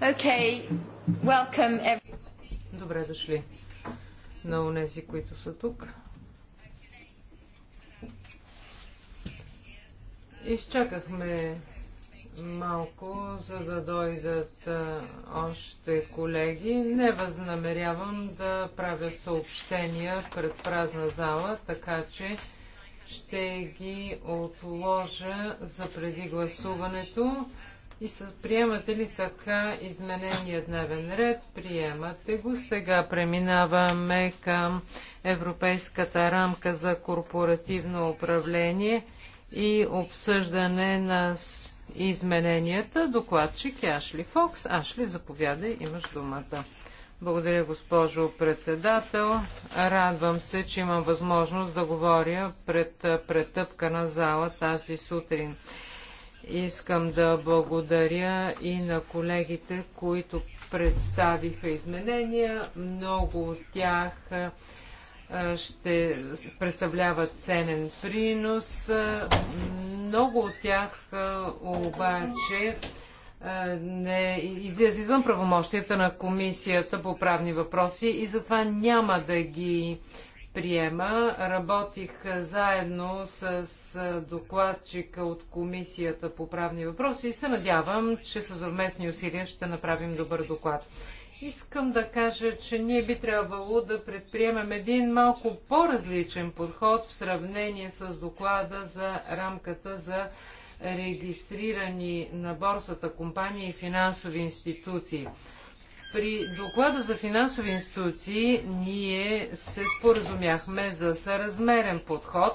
Okay. Welcome everybody. Добре дошли на унези, които са тук. Изчакахме малко, за да дойдат още колеги. Не възнамерявам да правя съобщения пред празна зала, така че ще ги отложа за преди гласуването и с, приемате ли така изменения дневен ред? Приемате го. Сега преминаваме към Европейската рамка за корпоративно управление и обсъждане на измененията. Докладчик е Ашли Фокс. Ашли, заповядай, имаш думата. Благодаря, госпожо председател. Радвам се, че имам възможност да говоря пред претъпка на зала тази сутрин. Искам да благодаря и на колегите, които представиха изменения. Много от тях ще представляват ценен принос. Много от тях обаче не излиза извън правомощията на Комисията по правни въпроси и затова няма да ги приема. Работих заедно с докладчика от Комисията по правни въпроси и се надявам, че със съвместни усилия ще направим добър доклад. Искам да кажа, че ние би трябвало да предприемем един малко по-различен подход в сравнение с доклада за рамката за регистрирани на борсата компании и финансови институции. При доклада за финансови институции ние се споразумяхме за съразмерен подход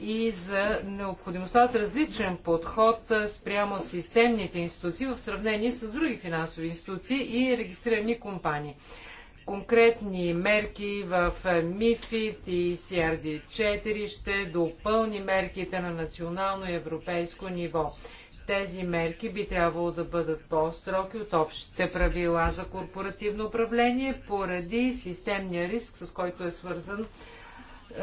и за необходимостта от различен подход спрямо системните институции в сравнение с други финансови институции и регистрирани компании. Конкретни мерки в МИФИД и CRD4 ще допълни мерките на национално и европейско ниво. Тези мерки би трябвало да бъдат по-строки от общите правила за корпоративно управление поради системния риск, с който е свързан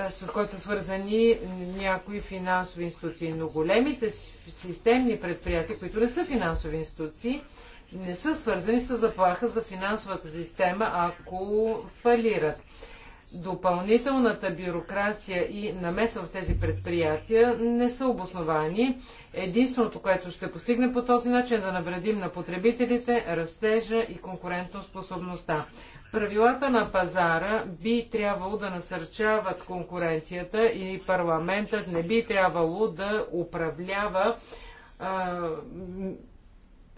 е, с който са свързани някои финансови институции. Но големите системни предприятия, които не са финансови институции, не са свързани с заплаха за финансовата система, ако фалират допълнителната бюрокрация и намеса в тези предприятия не са обосновани. Единственото, което ще постигне по този начин е да навредим на потребителите растежа и конкурентоспособността. Правилата на пазара би трябвало да насърчават конкуренцията и парламентът не би трябвало да управлява а,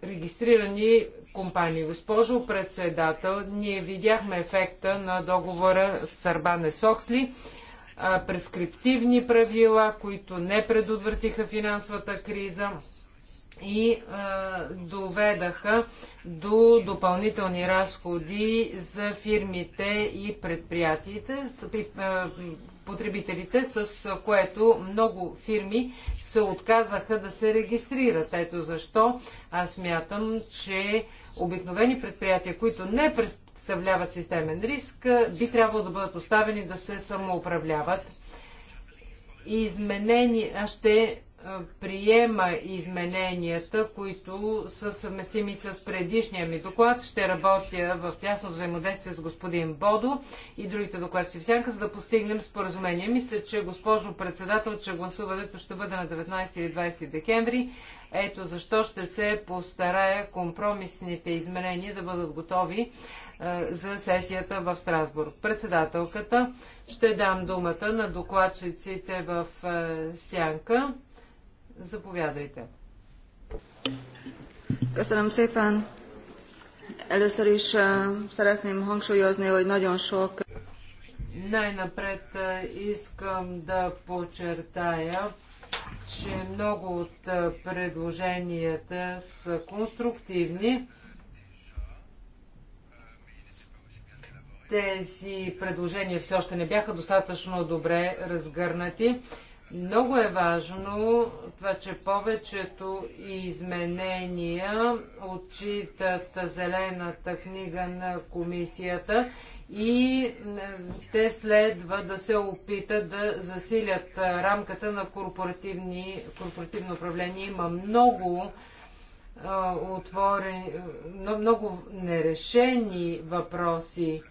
регистрирани компании. Госпожо председател, ние видяхме ефекта на договора с Арбане Соксли, прескриптивни правила, които не предотвратиха финансовата криза и а, доведаха до допълнителни разходи за фирмите и предприятиите потребителите, с което много фирми се отказаха да се регистрират. Ето защо аз мятам, че обикновени предприятия, които не представляват системен риск, би трябвало да бъдат оставени да се самоуправляват. Изменени, аз ще приема измененията, които са съвместими с предишния ми доклад. Ще работя в тясно взаимодействие с господин Бодо и другите докладчици в сянка, за да постигнем споразумение. Мисля, че госпожо председател, че гласуването ще бъде на 19 или 20 декември. Ето защо ще се постарая компромисните изменения да бъдат готови за сесията в Страсбург. Председателката ще дам думата на докладчиците в Сянка. Заповядайте. Köszönöm szépen. Először is eh, szeretném hangsúlyozni, hogy nagyon sok... Najnapred напред eh, искам да подчертая, че много от eh, предложенията са конструктивни. Тези предложения все още не бяха достатъчно добре разгърнати много е важно това, че повечето изменения отчитат зелената книга на комисията и те следва да се опитат да засилят рамката на корпоративно управление. Има много отворени, много нерешени въпроси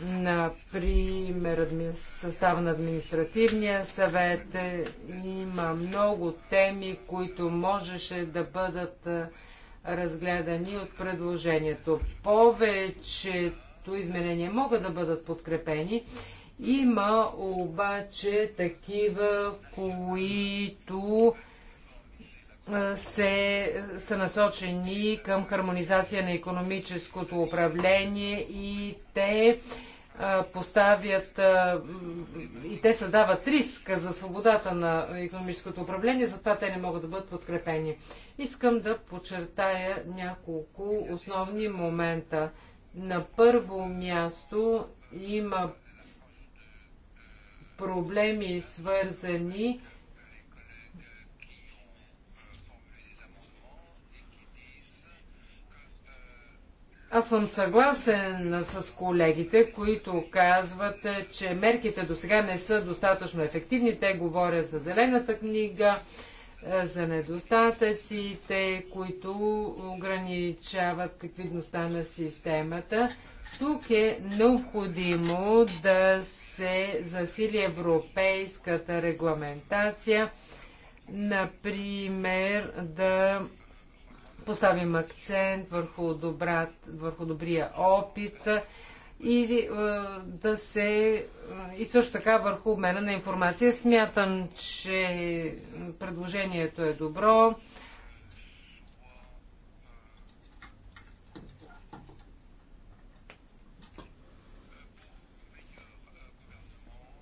Например, състава на административния съвет е, има много теми, които можеше да бъдат е, разгледани от предложението. Повечето изменения могат да бъдат подкрепени. Има обаче такива, които се, са насочени към хармонизация на економическото управление и те поставят и те създават риск за свободата на економическото управление, затова те не могат да бъдат подкрепени. Искам да подчертая няколко основни момента. На първо място има проблеми свързани с Аз съм съгласен с колегите, които казват, е, че мерките до сега не са достатъчно ефективни. Те говорят за зелената книга, е, за недостатъците, които ограничават ликвидността на системата. Тук е необходимо да се засили европейската регламентация, например да поставим акцент върху, добра, върху добрия опит и да се и също така върху обмена на информация. Смятам, че предложението е добро.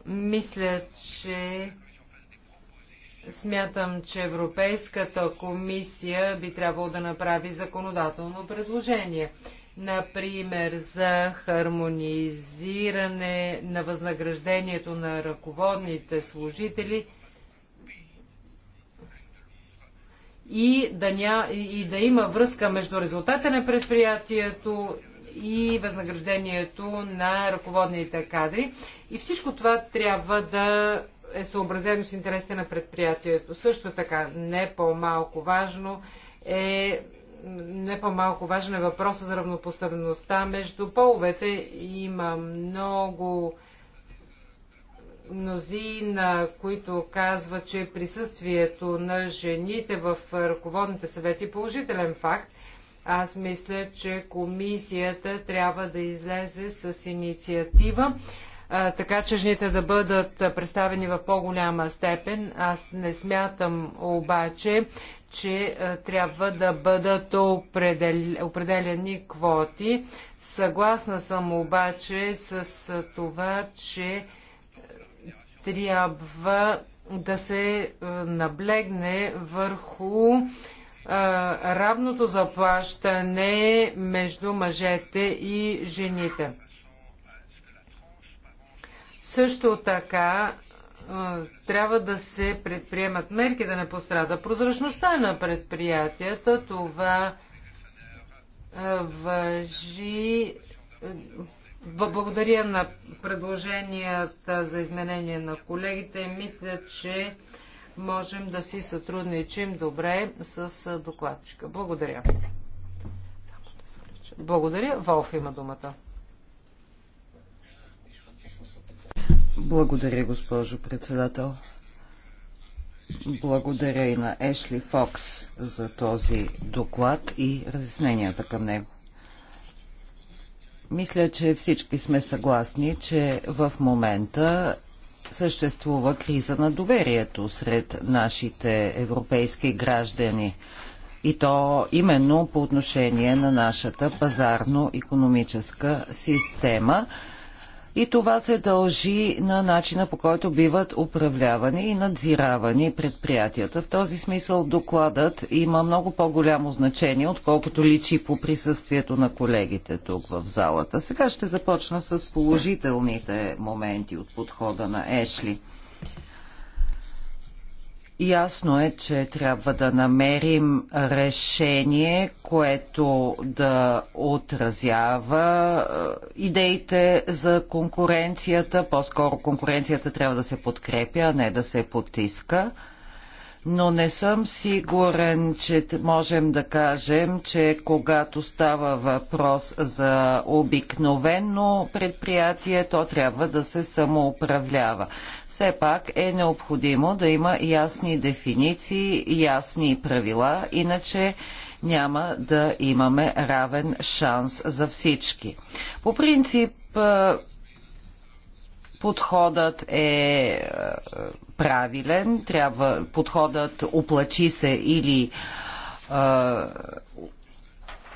Мисля, че Смятам, че Европейската комисия би трябвало да направи законодателно предложение. Например, за хармонизиране на възнаграждението на ръководните служители и да, ня... и да има връзка между резултата на предприятието и възнаграждението на ръководните кадри. И всичко това трябва да е съобразено с интересите на предприятието. Също така, не по-малко важно е не по-малко важен е въпросът за равнопоставеността между половете. Има много мнозина, които казват, че присъствието на жените в ръководните съвети е положителен факт. Аз мисля, че комисията трябва да излезе с инициатива така че жените да бъдат представени в по-голяма степен. Аз не смятам обаче, че трябва да бъдат определени квоти. Съгласна съм обаче с това, че трябва да се наблегне върху равното заплащане между мъжете и жените. Също така трябва да се предприемат мерки да не пострада прозрачността на предприятията. Това въжи. Благодаря на предложенията за изменение на колегите. Мисля, че можем да си сътрудничим добре с докладчика. Благодаря. Благодаря. Волф има думата. Благодаря, госпожо председател. Благодаря и на Ешли Фокс за този доклад и разясненията към него. Мисля, че всички сме съгласни, че в момента съществува криза на доверието сред нашите европейски граждани. И то именно по отношение на нашата пазарно-економическа система – и това се дължи на начина по който биват управлявани и надзиравани предприятията. В този смисъл докладът има много по-голямо значение, отколкото личи по присъствието на колегите тук в залата. Сега ще започна с положителните моменти от подхода на Ешли. Ясно е, че трябва да намерим решение, което да отразява е, идеите за конкуренцията. По-скоро конкуренцията трябва да се подкрепя, а не да се потиска но не съм сигурен, че можем да кажем, че когато става въпрос за обикновено предприятие, то трябва да се самоуправлява. Все пак е необходимо да има ясни дефиниции, ясни правила, иначе няма да имаме равен шанс за всички. По принцип, Подходът е, е правилен, трябва, подходът оплачи се или е,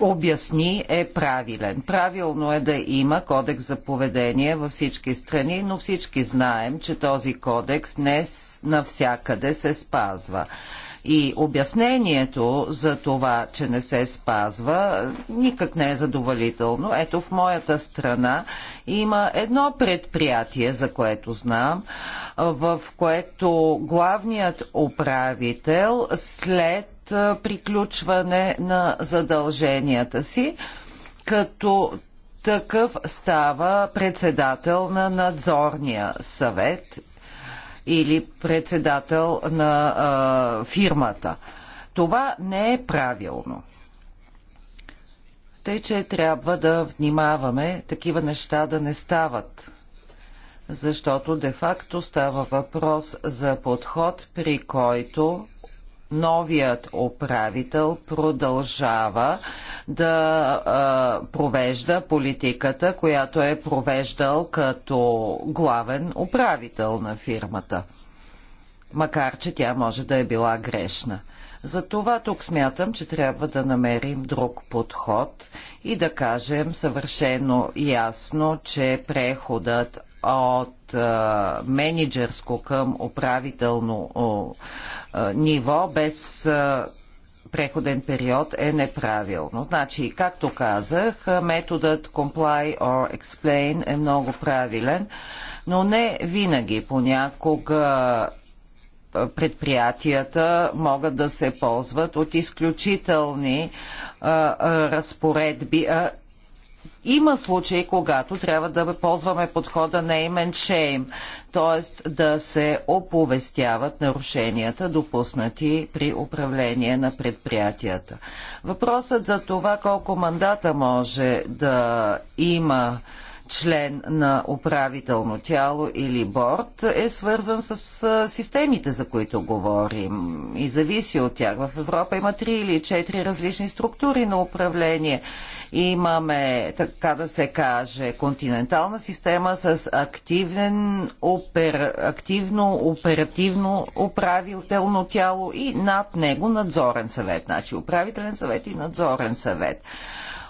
обясни е правилен. Правилно е да има кодекс за поведение във всички страни, но всички знаем, че този кодекс не навсякъде се спазва. И обяснението за това, че не се спазва, никак не е задоволително. Ето в моята страна има едно предприятие, за което знам, в което главният управител след приключване на задълженията си, като такъв става председател на надзорния съвет или председател на а, фирмата. Това не е правилно. Тъй, че трябва да внимаваме такива неща да не стават. Защото де-факто става въпрос за подход, при който новият управител продължава да а, провежда политиката, която е провеждал като главен управител на фирмата. Макар, че тя може да е била грешна. Затова тук смятам, че трябва да намерим друг подход и да кажем съвършено ясно, че преходът от а, менеджерско към управително а, ниво без а, преходен период е неправилно. Значи, както казах, методът comply or explain е много правилен, но не винаги. Понякога предприятията могат да се ползват от изключителни а, разпоредби, а има случаи, когато трябва да ползваме подхода name and shame, т.е. да се оповестяват нарушенията, допуснати при управление на предприятията. Въпросът за това колко мандата може да има член на управително тяло или борт е свързан с системите, за които говорим и зависи от тях. В Европа има три или четири различни структури на управление. Имаме, така да се каже, континентална система с активен, опер, активно, оперативно управително тяло и над него надзорен съвет. Значи управителен съвет и надзорен съвет.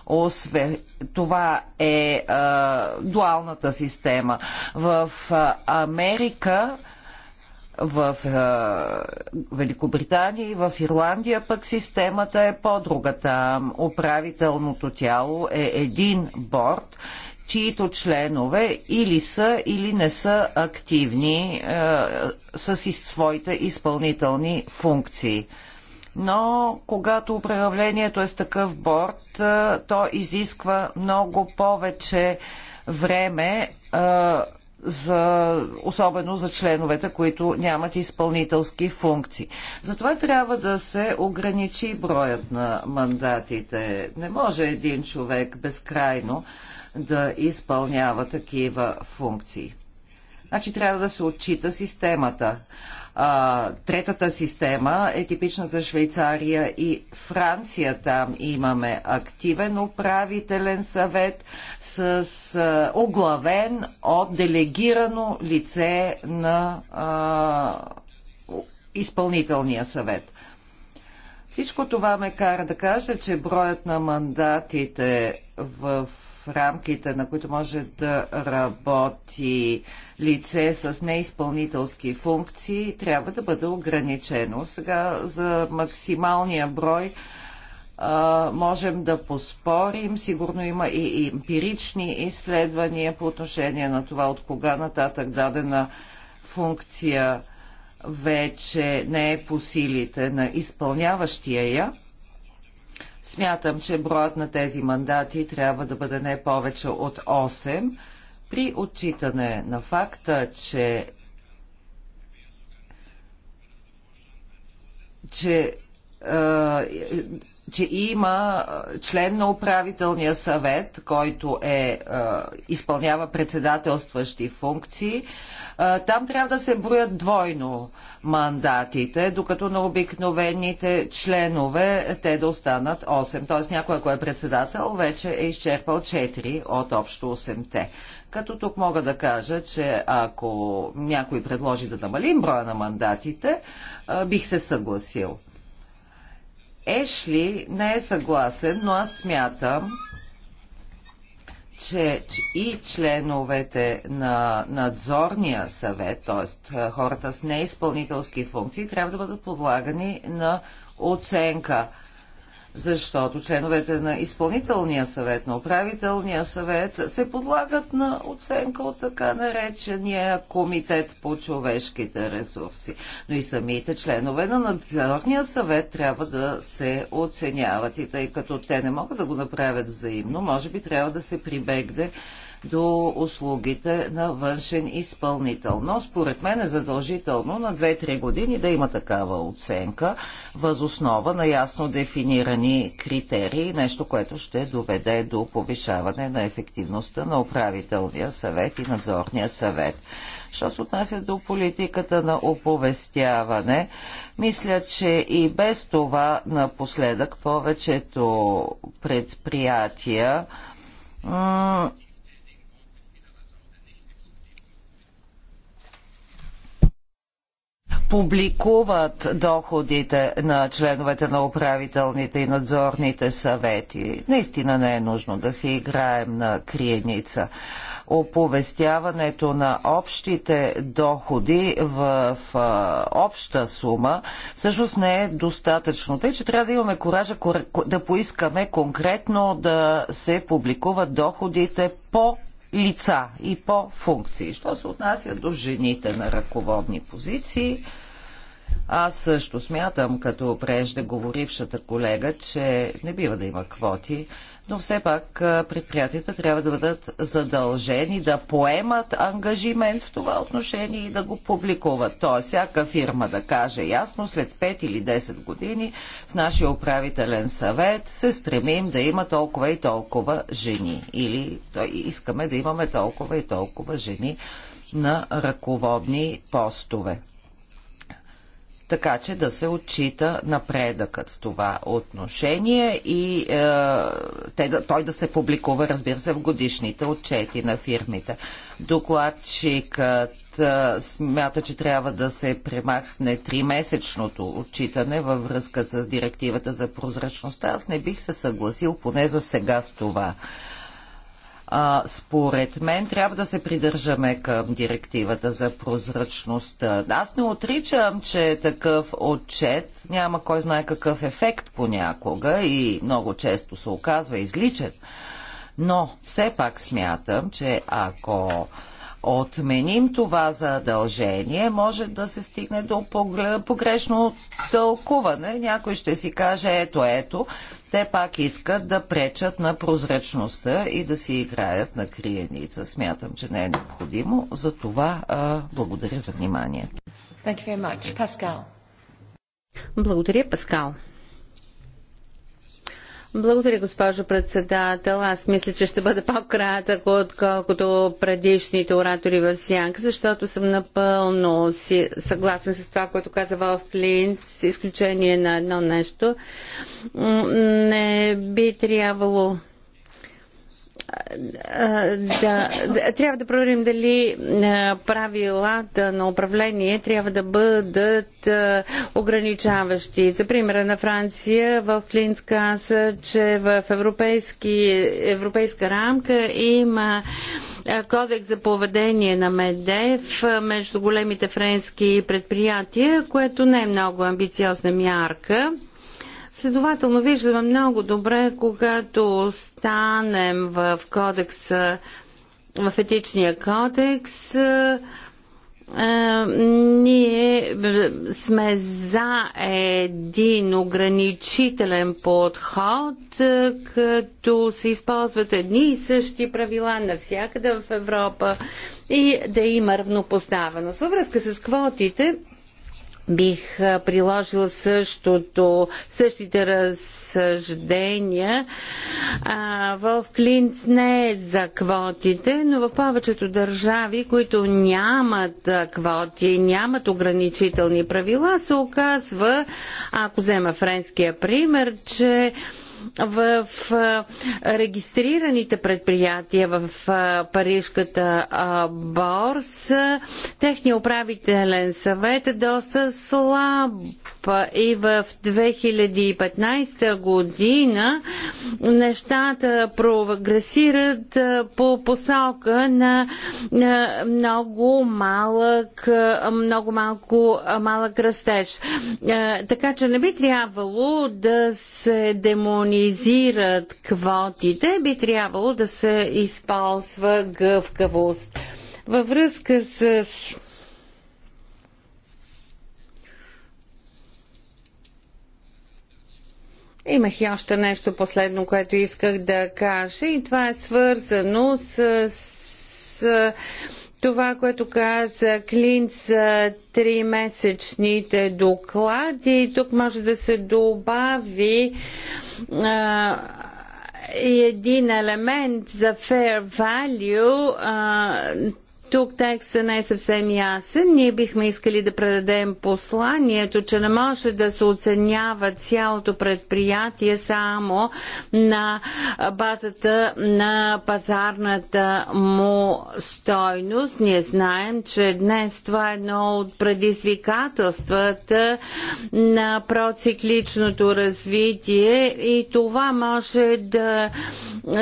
Осве... Това е а, дуалната система. В а, Америка в а, Великобритания и в Ирландия пък системата е по-друга. Там управителното тяло е един борт, чието членове или са, или не са активни а, с своите изпълнителни функции. Но когато управлението е с такъв борт, то изисква много повече време за, особено за членовете, които нямат изпълнителски функции. Затова трябва да се ограничи броят на мандатите. Не може един човек безкрайно да изпълнява такива функции. Значи трябва да се отчита системата. А, третата система е типична за Швейцария и Франция. Там имаме активен управителен съвет с а, оглавен от делегирано лице на а, изпълнителния съвет. Всичко това ме кара да кажа, че броят на мандатите в рамките, на които може да работи лице с неизпълнителски функции, трябва да бъде ограничено. Сега за максималния брой а, можем да поспорим. Сигурно има и емпирични изследвания по отношение на това от кога нататък дадена функция вече не е по силите на изпълняващия я. Смятам, че броят на тези мандати трябва да бъде не повече от 8 при отчитане на факта, че че че има член на управителния съвет, който е, е изпълнява председателстващи функции, там трябва да се броят двойно мандатите, докато на обикновените членове те да останат 8. Тоест някой, ако е председател, вече е изчерпал 4 от общо 8-те. Като тук мога да кажа, че ако някой предложи да намалим броя на мандатите, бих се съгласил. Ешли не е съгласен, но аз смятам, че и членовете на надзорния съвет, т.е. хората с неизпълнителски функции, трябва да бъдат подлагани на оценка – защото членовете на изпълнителния съвет, на управителния съвет се подлагат на оценка от така наречения комитет по човешките ресурси. Но и самите членове на надзорния съвет трябва да се оценяват и тъй като те не могат да го направят взаимно, може би трябва да се прибегне до услугите на външен изпълнител. Но според мен е задължително на 2-3 години да има такава оценка възоснова на ясно дефинирани критерии, нещо, което ще доведе до повишаване на ефективността на управителния съвет и надзорния съвет. Що се отнася до политиката на оповестяване, мисля, че и без това напоследък повечето предприятия публикуват доходите на членовете на управителните и надзорните съвети. Наистина не е нужно да си играем на криеница. Оповестяването на общите доходи в, в обща сума всъщност не е достатъчно. Тъй, че трябва да имаме коража да поискаме конкретно да се публикуват доходите по лица и по функции. Що се отнася до жените на ръководни позиции, аз също смятам, като преждеговорившата колега, че не бива да има квоти, но все пак предприятията трябва да бъдат задължени да поемат ангажимент в това отношение и да го публикуват. Тоест, всяка фирма да каже ясно, след 5 или 10 години в нашия управителен съвет се стремим да има толкова и толкова жени или искаме да имаме толкова и толкова жени на ръководни постове така че да се отчита напредъкът в това отношение и е, те, той да се публикува, разбира се, в годишните отчети на фирмите. Докладчикът е, смята, че трябва да се премахне тримесечното отчитане във връзка с директивата за прозрачността. Аз не бих се съгласил поне за сега с това. А, според мен трябва да се придържаме към директивата за прозрачността. Аз не отричам, че такъв отчет няма кой знае какъв ефект понякога и много често се оказва изличен. Но все пак смятам, че ако отменим това задължение, може да се стигне до погрешно тълкуване. Някой ще си каже, ето, ето, те пак искат да пречат на прозрачността и да си играят на криеница. Смятам, че не е необходимо. За това а, благодаря за вниманието. Благодаря, Паскал. Благодаря, госпожо председател. Аз мисля, че ще бъда по-кратък, отколкото предишните оратори в Сянка, защото съм напълно си, съгласен с това, което каза Волф Клинц, с изключение на едно нещо. Не би трябвало да, трябва да проверим дали правилата на управление трябва да бъдат ограничаващи. За примера на Франция в Клинц каза, че в европейски, европейска рамка има кодекс за поведение на МЕДЕВ между големите френски предприятия, което не е много амбициозна мярка Следователно виждаме много добре, когато станем в кодекса, в етичния кодекс, е, ние е, сме за един ограничителен подход, е, като се използват едни и същи правила навсякъде в Европа и да има равнопоставеност. Във връзка с квотите, бих приложила същото, същите разсъждения. А, в Клинц не е за квотите, но в повечето държави, които нямат квоти, нямат ограничителни правила, се оказва, ако взема френския пример, че а, в регистрираните предприятия в Парижката борса. Техният управителен съвет е доста слаб и в 2015 година нещата прогресират по посока на много малък, много малко, малък растеж. Така че не би трябвало да се демонизира хармонизират квотите, би трябвало да се използва гъвкавост. Във връзка с Имах и още нещо последно, което исках да кажа и това е свързано с, с това, което каза Клинц, за месечните доклади, тук може да се добави а, един елемент за fair value, а, тук текста не е съвсем ясен. Ние бихме искали да предадем посланието, че не може да се оценява цялото предприятие само на базата на пазарната му стойност. Ние знаем, че днес това е едно от предизвикателствата на процикличното развитие и това може да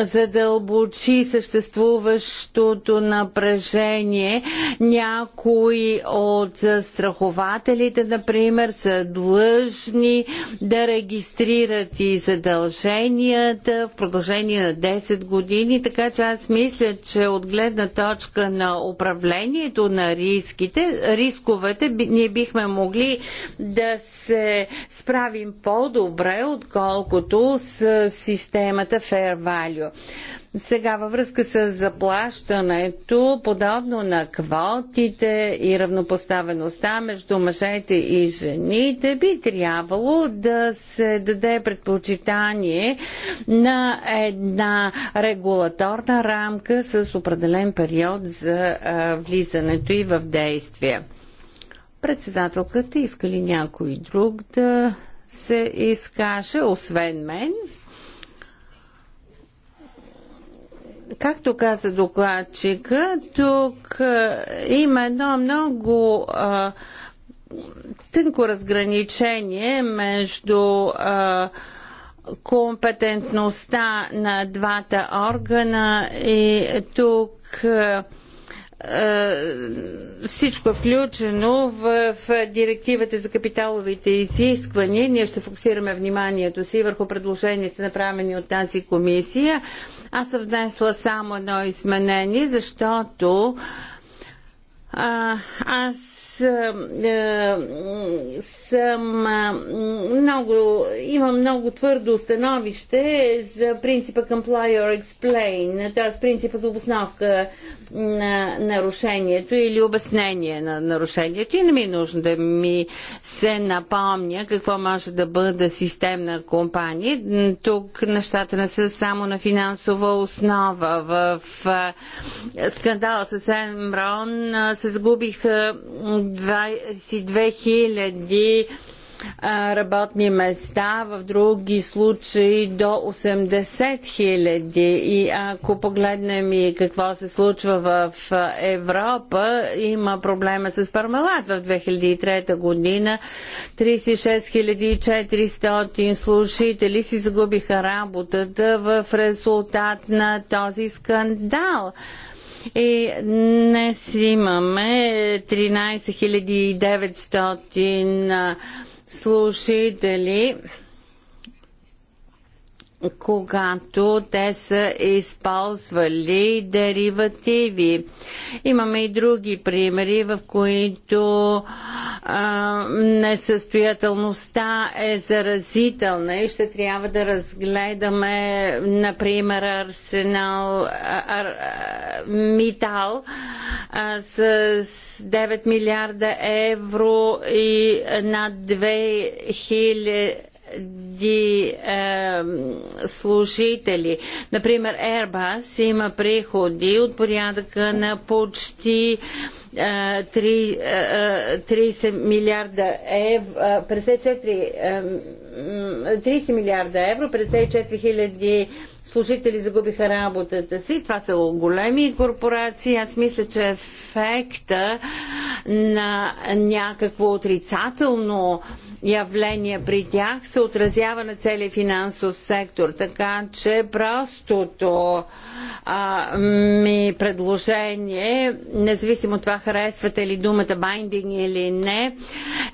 задълбочи съществуващото напрежение изпълнение. Някои от застрахователите, например, са длъжни да регистрират и задълженията в продължение на 10 години, така че аз мисля, че от гледна точка на управлението на риските, рисковете, ние бихме могли да се справим по-добре, отколкото с системата Fair Value. Сега във връзка с заплащането, подобно на квотите и равнопоставеността между мъжете и жените, би трябвало да се даде предпочитание на една регулаторна рамка с определен период за влизането и в действие. Председателката иска ли някой друг да се изкаже, освен мен? Както каза докладчика, тук има едно много а, тънко разграничение между а, компетентността на двата органа и тук а, е, всичко е включено в, в директивата за капиталовите изисквания. Ние ще фокусираме вниманието си върху предложенията, направени от тази комисия. Аз съм внесла само едно изменение, защото а, аз съм много, имам много твърдо становище за принципа comply or explain, т.е. принципа за обосновка на нарушението или обяснение на нарушението и не ми е нужно да ми се напомня какво може да бъде системна компания. Тук нещата не са само на финансова основа. В скандала с Енрон се сгубиха 22 000 работни места, в други случаи до 80 хиляди. И ако погледнем и какво се случва в Европа, има проблема с пармалат в 2003 година. 36 400 слушатели си загубиха работата в резултат на този скандал. И днес имаме 13 900 слушатели когато те са използвали деривативи. Имаме и други примери, в които а, несъстоятелността е заразителна и ще трябва да разгледаме, например, арсенал а, а, Митал а, с 9 милиарда евро и над 2000 хиляди е, служители. Например, Airbus има приходи от порядъка на почти 3, е, 30 е, е, милиарда евро, 54, 30 милиарда евро, 54 хиляди служители загубиха работата си. Това са големи корпорации. Аз мисля, че ефекта на някакво отрицателно явления при тях се отразява на целия финансов сектор. Така че простото а, ми предложение, независимо от това харесвате ли думата binding или не,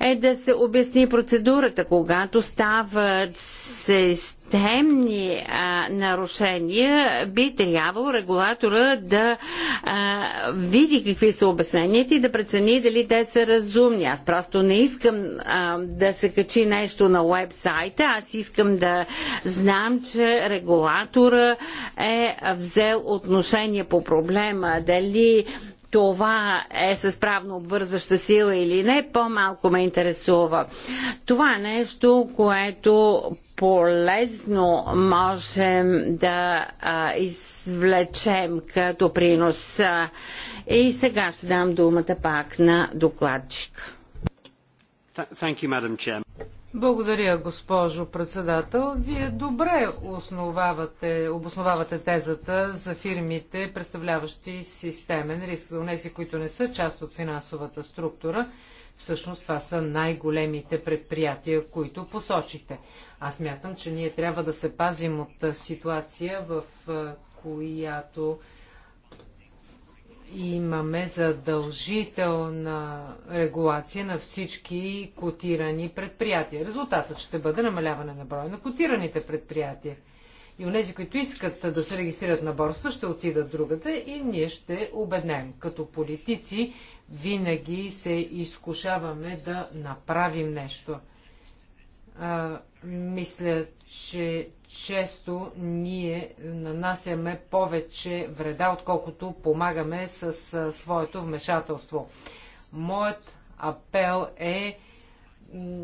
е да се обясни процедурата, когато стават системни а, нарушения, би трябвало регулатора да а, види какви са обясненията и да прецени дали те са разумни. Аз просто не искам а, да се качи нещо на уебсайта, аз искам да знам, че регулатора е взел отношение по проблема, дали това е с правно обвързваща сила или не, по-малко ме интересува. Това е нещо, което полезно можем да а, извлечем като принос. И сега ще дам думата пак на докладчик. Thank you, Madam Chair. Благодаря, госпожо председател. Вие добре основавате, обосновавате тезата за фирмите, представляващи системен риск. За тези, които не са част от финансовата структура, всъщност това са най-големите предприятия, които посочихте. Аз мятам, че ние трябва да се пазим от ситуация, в която имаме задължителна регулация на всички котирани предприятия. Резултатът ще бъде намаляване на броя на котираните предприятия. И онези, които искат да се регистрират на борста, ще отидат другата и ние ще обеднем. Като политици винаги се изкушаваме да направим нещо. А, мисля, че често ние нанасяме повече вреда, отколкото помагаме с своето вмешателство. Моят апел е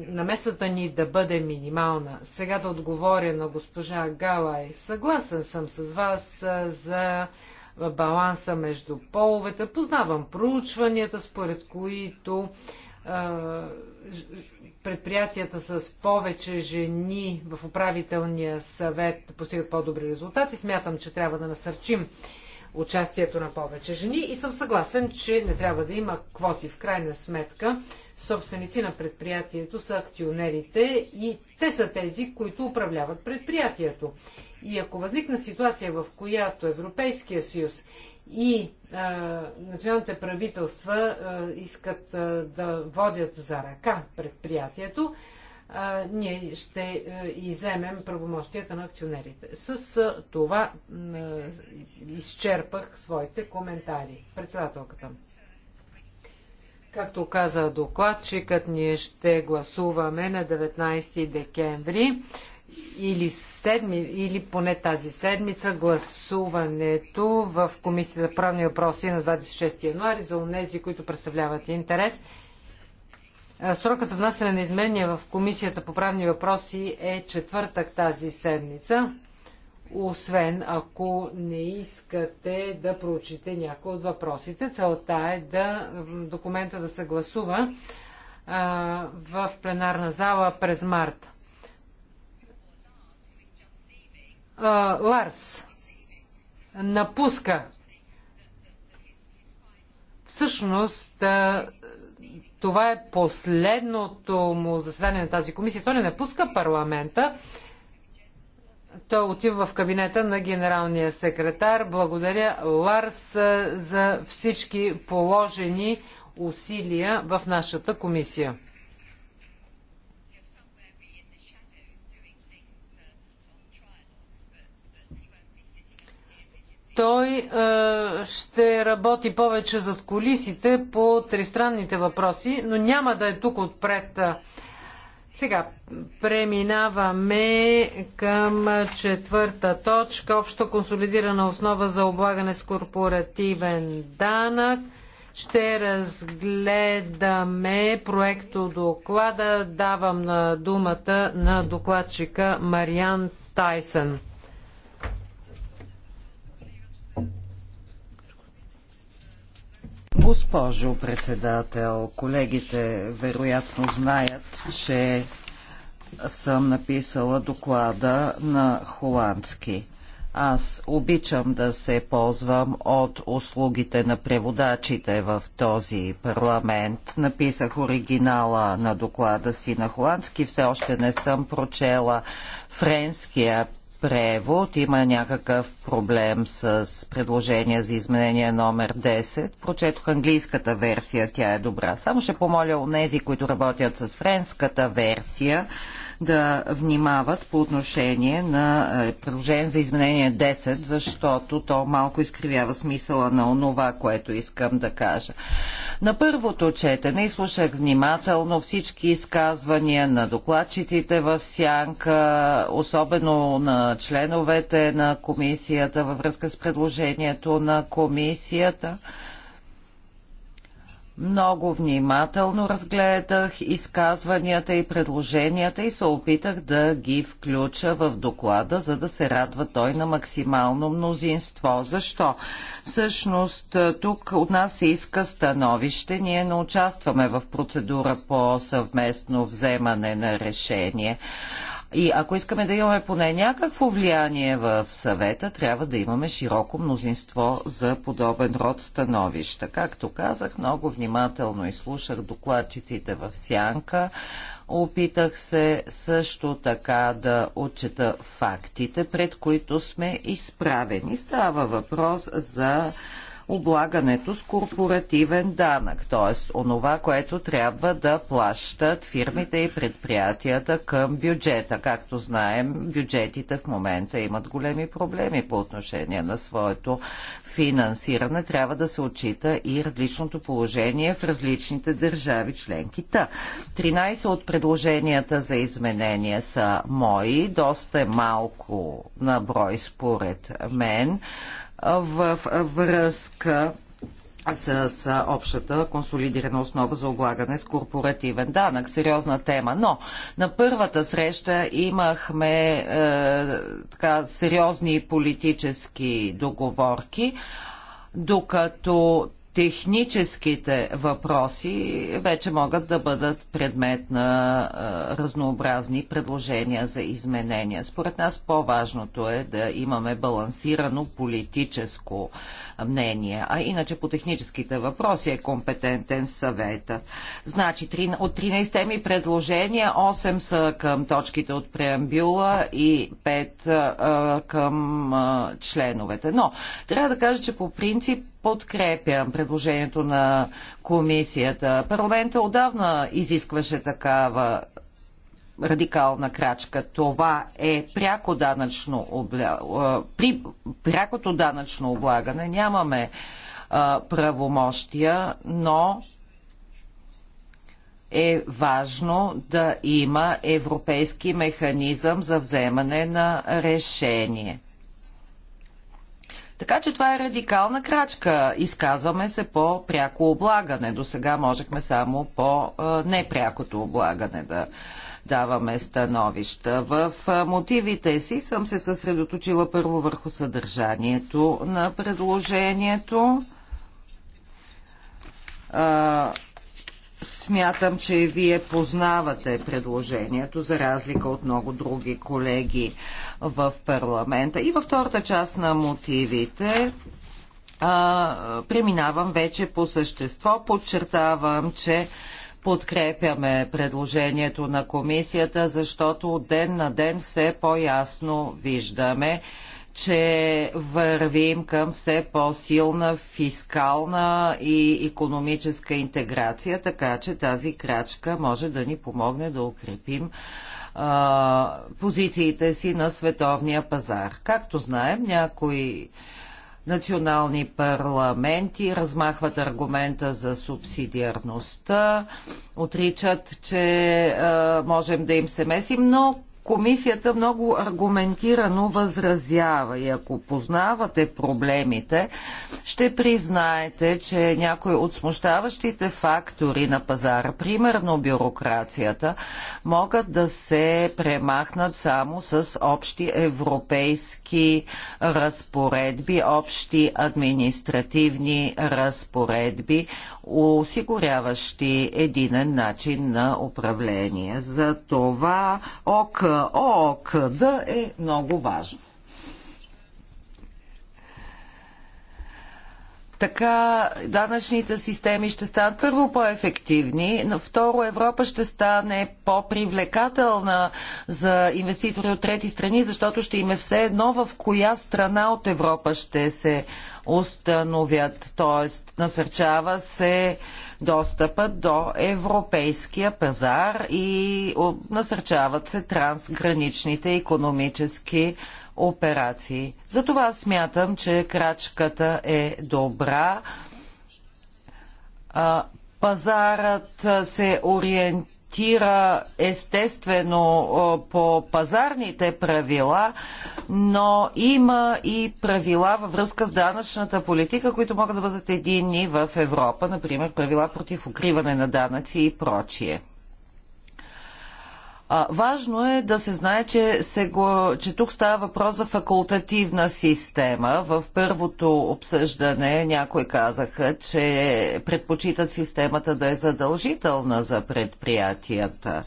намесата ни да бъде минимална. Сега да отговоря на госпожа Галай. Съгласен съм с вас за баланса между половете. Познавам проучванията, според които предприятията с повече жени в управителния съвет постигат по-добри резултати. Смятам, че трябва да насърчим участието на повече жени и съм съгласен, че не трябва да има квоти. В крайна сметка, собственици на предприятието са акционерите и те са тези, които управляват предприятието. И ако възникна ситуация, в която Европейския съюз и а, националните правителства а, искат а, да водят за ръка предприятието, а, ние ще а, иземем правомощията на акционерите. С а, това а, изчерпах своите коментари. Председателката. Както каза докладчикът, ние ще гласуваме на 19 декември или, седми, или поне тази седмица гласуването в Комисията за правни въпроси на 26 януари за унези, които представляват интерес. Срокът за внасяне на изменения в Комисията по правни въпроси е четвъртък тази седмица, освен ако не искате да проучите някои от въпросите. Целта е да документа да се гласува а, в пленарна зала през март. а, Ларс напуска. Всъщност, а, това е последното му заседание на тази комисия. Той не напуска парламента. Той отива в кабинета на генералния секретар. Благодаря Ларс за всички положени усилия в нашата комисия. той е, ще работи повече зад колисите по тристранните въпроси, но няма да е тук отпред. Сега преминаваме към четвърта точка. Обща консолидирана основа за облагане с корпоративен данък. Ще разгледаме проекто доклада. Давам на думата на докладчика Мариан Тайсън. Госпожо председател, колегите вероятно знаят, че съм написала доклада на холандски. Аз обичам да се ползвам от услугите на преводачите в този парламент. Написах оригинала на доклада си на холандски. Все още не съм прочела френския превод. Има някакъв проблем с предложение за изменение номер 10. Прочетох английската версия, тя е добра. Само ще помоля у нези, които работят с френската версия, да внимават по отношение на е, предложение за изменение 10, защото то малко изкривява смисъла на онова, което искам да кажа. На първото четене изслушах внимателно всички изказвания на докладчиците в сянка, особено на членовете на комисията във връзка с предложението на комисията. Много внимателно разгледах изказванията и предложенията и се опитах да ги включа в доклада, за да се радва той на максимално мнозинство. Защо? Всъщност е, тук от нас се иска становище. Ние не участваме в процедура по съвместно вземане на решение. И ако искаме да имаме поне някакво влияние в съвета, трябва да имаме широко мнозинство за подобен род становища. Както казах, много внимателно изслушах докладчиците в Сянка. Опитах се също така да отчета фактите, пред които сме изправени. Става въпрос за облагането с корпоративен данък, т.е. онова, което трябва да плащат фирмите и предприятията към бюджета. Както знаем, бюджетите в момента имат големи проблеми по отношение на своето финансиране трябва да се отчита и различното положение в различните държави членки. Та, 13 от предложенията за изменение са мои, доста е малко на брой според мен в връзка с, с общата консолидирана основа за облагане с корпоративен данък. Сериозна тема. Но на първата среща имахме е, така, сериозни политически договорки, докато техническите въпроси вече могат да бъдат предмет на а, разнообразни предложения за изменения. Според нас по-важното е да имаме балансирано политическо мнение, а иначе по техническите въпроси е компетентен съветът. Значи от 13 ми предложения 8 са към точките от преамбюла и 5 а, към а, членовете. Но трябва да кажа, че по принцип подкрепям предложението на комисията. Парламента отдавна изискваше такава радикална крачка. Това е пряко данъчно обля... при прякото данъчно облагане нямаме а, правомощия, но е важно да има европейски механизъм за вземане на решение. Така че това е радикална крачка. Изказваме се по пряко облагане. До сега можехме само по непрякото облагане да даваме становища. В мотивите си съм се съсредоточила първо върху съдържанието на предложението. Смятам, че вие познавате предложението, за разлика от много други колеги в парламента. И във втората част на мотивите а, преминавам вече по същество. Подчертавам, че подкрепяме предложението на комисията, защото от ден на ден все по-ясно виждаме, че вървим към все по-силна фискална и економическа интеграция, така че тази крачка може да ни помогне да укрепим а, позициите си на световния пазар. Както знаем, някои национални парламенти размахват аргумента за субсидиарността, отричат, че а, можем да им се месим, но комисията много аргументирано възразява и ако познавате проблемите, ще признаете, че някои от смущаващите фактори на пазара, примерно бюрокрацията, могат да се премахнат само с общи европейски разпоредби, общи административни разпоредби, осигуряващи единен начин на управление. За това ОК е, ООКД е много важно. Така данъчните системи ще станат първо по-ефективни, но второ Европа ще стане по-привлекателна за инвеститори от трети страни, защото ще им е все едно в коя страна от Европа ще се установят. Тоест насърчава се достъпът до европейския пазар и насърчават се трансграничните економически операции. Затова смятам, че крачката е добра. Пазарът се ориентира естествено по пазарните правила, но има и правила във връзка с данъчната политика, които могат да бъдат единни в Европа, например правила против укриване на данъци и прочие. А, важно е да се знае, че, се го, че тук става въпрос за факултативна система. В първото обсъждане някои казаха, че предпочитат системата да е задължителна за предприятията.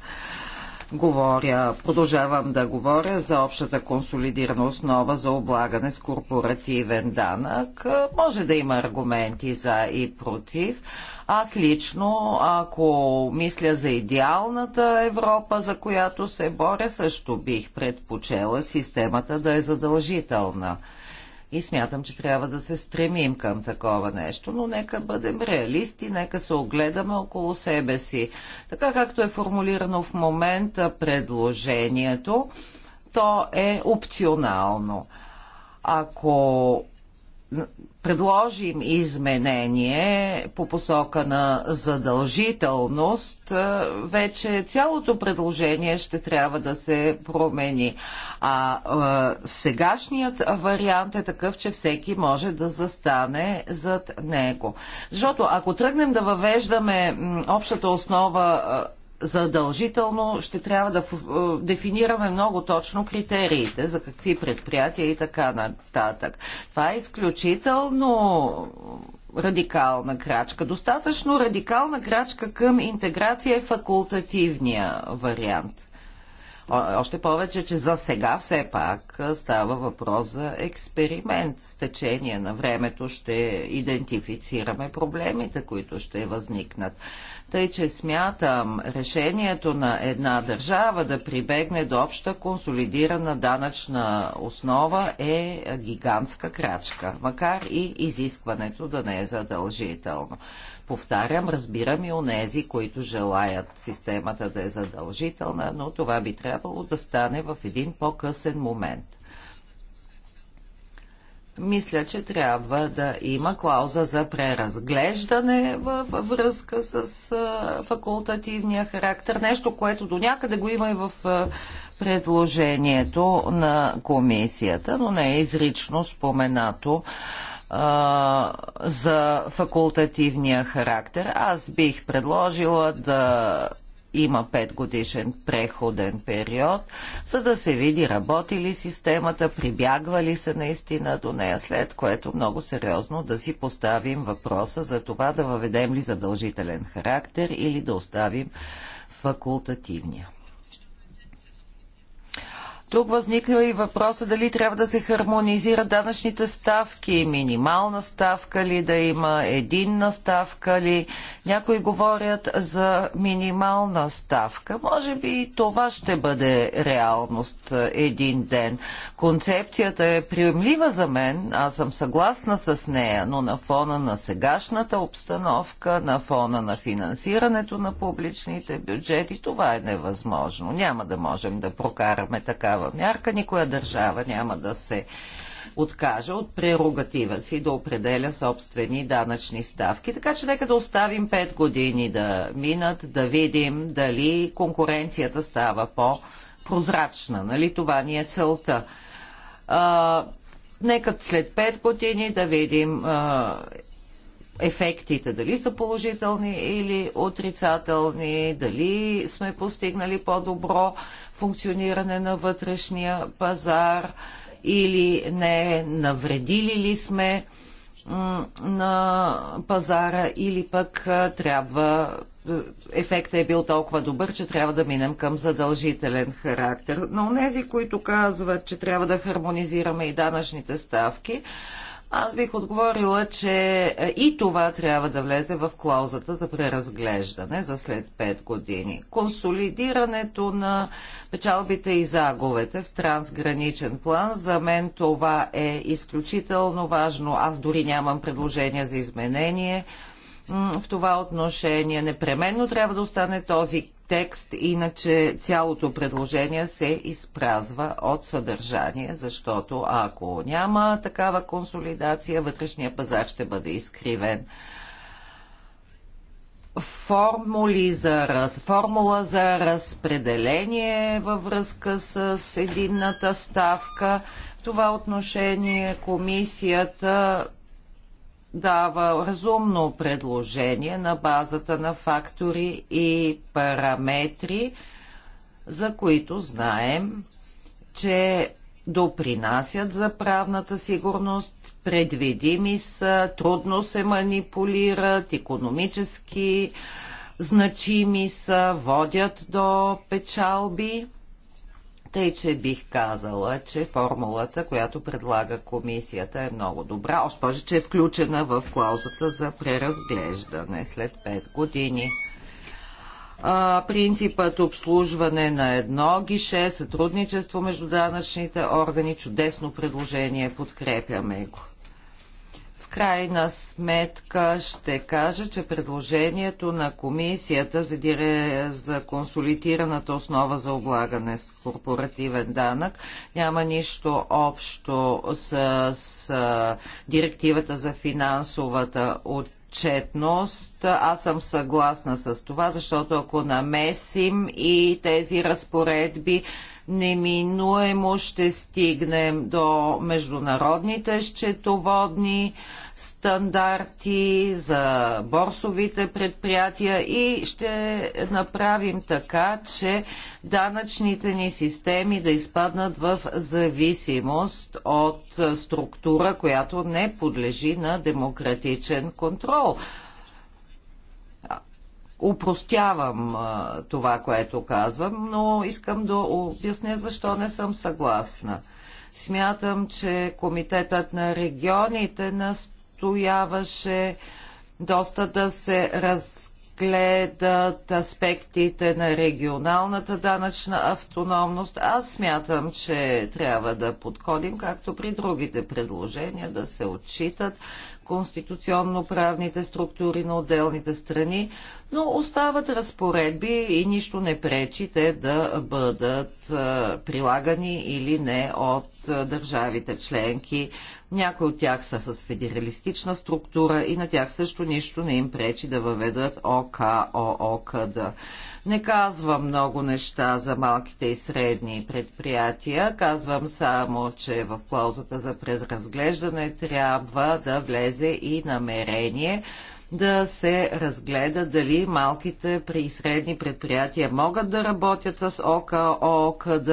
Говоря, продължавам да говоря за общата консолидирана основа за облагане с корпоративен данък. Може да има аргументи за и против. Аз лично, ако мисля за идеалната Европа, за която се боря, също бих предпочела системата да е задължителна. И смятам, че трябва да се стремим към такова нещо, но нека бъдем реалисти, нека се огледаме около себе си. Така както е формулирано в момента предложението, то е опционално. Ако предложим изменение по посока на задължителност, е, вече цялото предложение ще трябва да се промени. А, е, сегашният вариант е такъв, че всеки може да застане зад него. Защото ако тръгнем да въвеждаме общата основа е, задължително ще трябва да е, дефинираме много точно критериите за какви предприятия и така нататък. Това е изключително радикална крачка. Достатъчно радикална крачка към интеграция е факултативния вариант. Още повече, че за сега все пак е, става въпрос за експеримент. С течение на времето ще идентифицираме проблемите, които ще възникнат. Тъй, че смятам решението на една държава да прибегне до обща консолидирана данъчна основа е гигантска крачка, макар и изискването да не е задължително. Повтарям, разбирам и онези, които желаят системата да е задължителна, но това би трябвало да стане в един по-късен момент мисля, че трябва да има клауза за преразглеждане във връзка с факултативния характер. Нещо, което до някъде го има и в предложението на комисията, но не е изрично споменато а, за факултативния характер. Аз бих предложила да има 5 годишен преходен период, за да се види работи ли системата, прибягва ли се наистина до нея, след което много сериозно да си поставим въпроса за това да въведем ли задължителен характер или да оставим факултативния. Тук възниква и въпроса дали трябва да се хармонизира данъчните ставки, минимална ставка ли да има, единна ставка ли. Някои говорят за минимална ставка. Може би и това ще бъде реалност е, един ден. Концепцията е приемлива за мен, аз съм съгласна с нея, но на фона на сегашната обстановка, на фона на финансирането на публичните бюджети, това е невъзможно. Няма да можем да прокараме така такава мярка, никоя държава няма да се откаже от прерогатива си да определя собствени данъчни ставки. Така че нека да оставим 5 години да минат, да видим дали конкуренцията става по-прозрачна. Нали? Това ни е целта. А, нека след 5 години да видим а, ефектите, дали са положителни или отрицателни, дали сме постигнали по-добро функциониране на вътрешния пазар или не, навредили ли сме на пазара или пък трябва, ефектът е бил толкова добър, че трябва да минем към задължителен характер. Но тези, които казват, че трябва да хармонизираме и данъчните ставки, аз бих отговорила, че е, и това трябва да влезе в клаузата за преразглеждане за след 5 години. Консолидирането на печалбите и загубите в трансграничен план, за мен това е изключително важно. Аз дори нямам предложения за изменение в това отношение. Непременно трябва да остане този текст, иначе цялото предложение се изпразва от съдържание, защото ако няма такава консолидация, вътрешния пазар ще бъде изкривен. Формули за, формула за разпределение във връзка с единната ставка. В това отношение комисията дава разумно предложение на базата на фактори и параметри, за които знаем, че допринасят за правната сигурност, предвидими са, трудно се манипулират, економически значими са, водят до печалби. Тъй, че бих казала, че формулата, която предлага комисията е много добра, още повече, че е включена в клаузата за преразглеждане след 5 години. А, принципът обслужване на едно гише, сътрудничество между данъчните органи, чудесно предложение, подкрепяме го. В крайна сметка ще кажа, че предложението на комисията за, дире, за консолидираната основа за облагане с корпоративен данък няма нищо общо с, с директивата за финансовата от отчетност. Аз съм съгласна с това, защото ако намесим и тези разпоредби, неминуемо ще стигнем до международните счетоводни стандарти за борсовите предприятия и ще направим така, че данъчните ни системи да изпаднат в зависимост от структура, която не подлежи на демократичен контрол упростявам а, това, което казвам, но искам да обясня защо не съм съгласна. Смятам, че Комитетът на регионите настояваше доста да се разгледат аспектите на регионалната данъчна автономност. Аз смятам, че трябва да подходим, както при другите предложения, да се отчитат конституционно-правните структури на отделните страни, но остават разпоредби и нищо не пречи те да бъдат прилагани или не от държавите членки. Някои от тях са с федералистична структура и на тях също нищо не им пречи да въведат ОК, Не казвам много неща за малките и средни предприятия, казвам само, че в клаузата за презразглеждане трябва да влезе и намерение да се разгледа дали малките при средни предприятия могат да работят с ОКА, ОКД,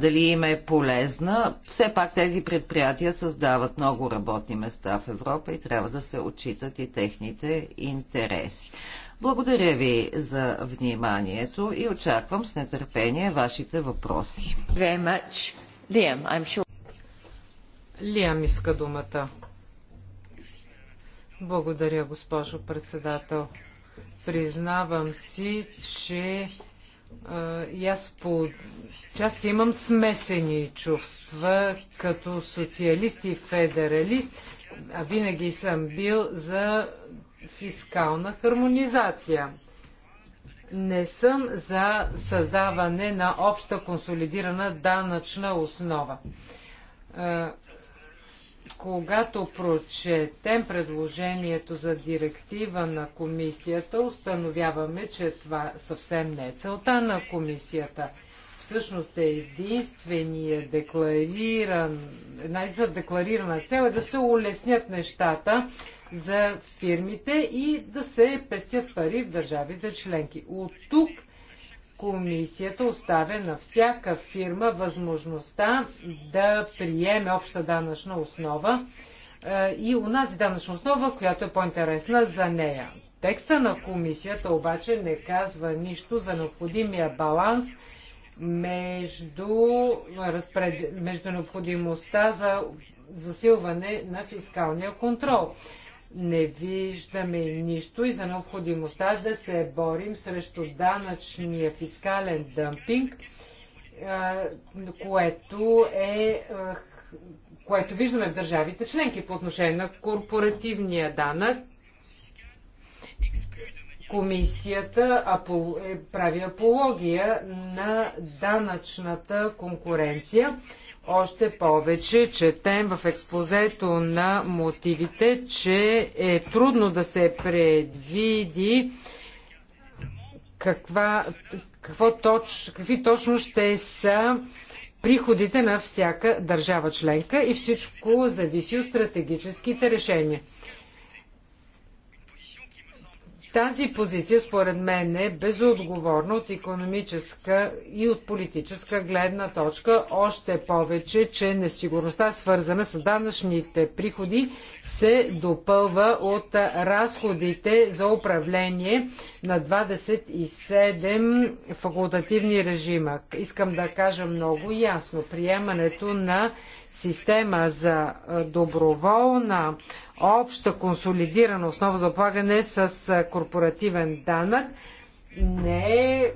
дали им е полезна. Все пак тези предприятия създават много работни места в Европа и трябва да се отчитат и техните интереси. Благодаря ви за вниманието и очаквам с нетърпение вашите въпроси. Лиам sure. иска думата. Благодаря, госпожо председател. Признавам си, че а, и аз, по, час имам смесени чувства като социалист и федералист, а винаги съм бил за фискална хармонизация. Не съм за създаване на обща консолидирана данъчна основа. Когато прочетем предложението за директива на комисията, установяваме, че това съвсем не е целта на комисията. Всъщност е единствения деклариран, една декларирана цел е да се улеснят нещата за фирмите и да се пестят пари в държавите членки. От тук комисията оставя на всяка фирма възможността да приеме обща данъчна основа е, и унази данъчна основа, която е по-интересна за нея. Текста на комисията обаче не казва нищо за необходимия баланс между, разпред... между необходимостта за засилване на фискалния контрол не виждаме нищо и за необходимостта да се борим срещу данъчния фискален дъмпинг, е, което е, е което виждаме в държавите членки по отношение на корпоративния данък. Комисията е, прави апология на данъчната конкуренция още повече четем в експозето на мотивите, че е трудно да се предвиди каква, какво точ, какви точно ще са приходите на всяка държава членка и всичко зависи от стратегическите решения. Тази позиция, според мен, е безотговорна от економическа и от политическа гледна точка, още повече, че несигурността, свързана с данъчните приходи, се допълва от разходите за управление на 27 факултативни режима. Искам да кажа много ясно. Приемането на система за доброволна обща консолидирана основа за облагане с корпоративен данък не е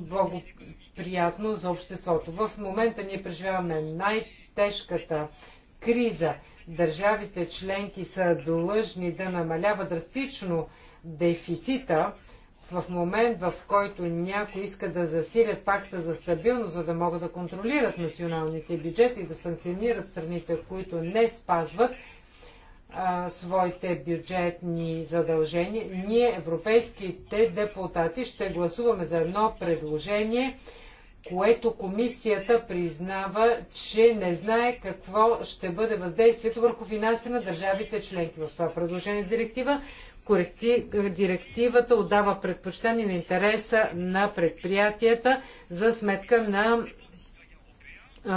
благоприятно за обществото. В момента ние преживяваме най-тежката криза. Държавите членки са длъжни да намаляват драстично дефицита в момент, в който някой иска да засилят пакта за стабилност, за да могат да контролират националните бюджети и да санкционират страните, които не спазват а, своите бюджетни задължения, ние, европейските депутати, ще гласуваме за едно предложение, което комисията признава, че не знае какво ще бъде въздействието върху финансите на държавите членки. В това предложение с директива коректи... директивата отдава предпочитание на интереса на предприятията за сметка на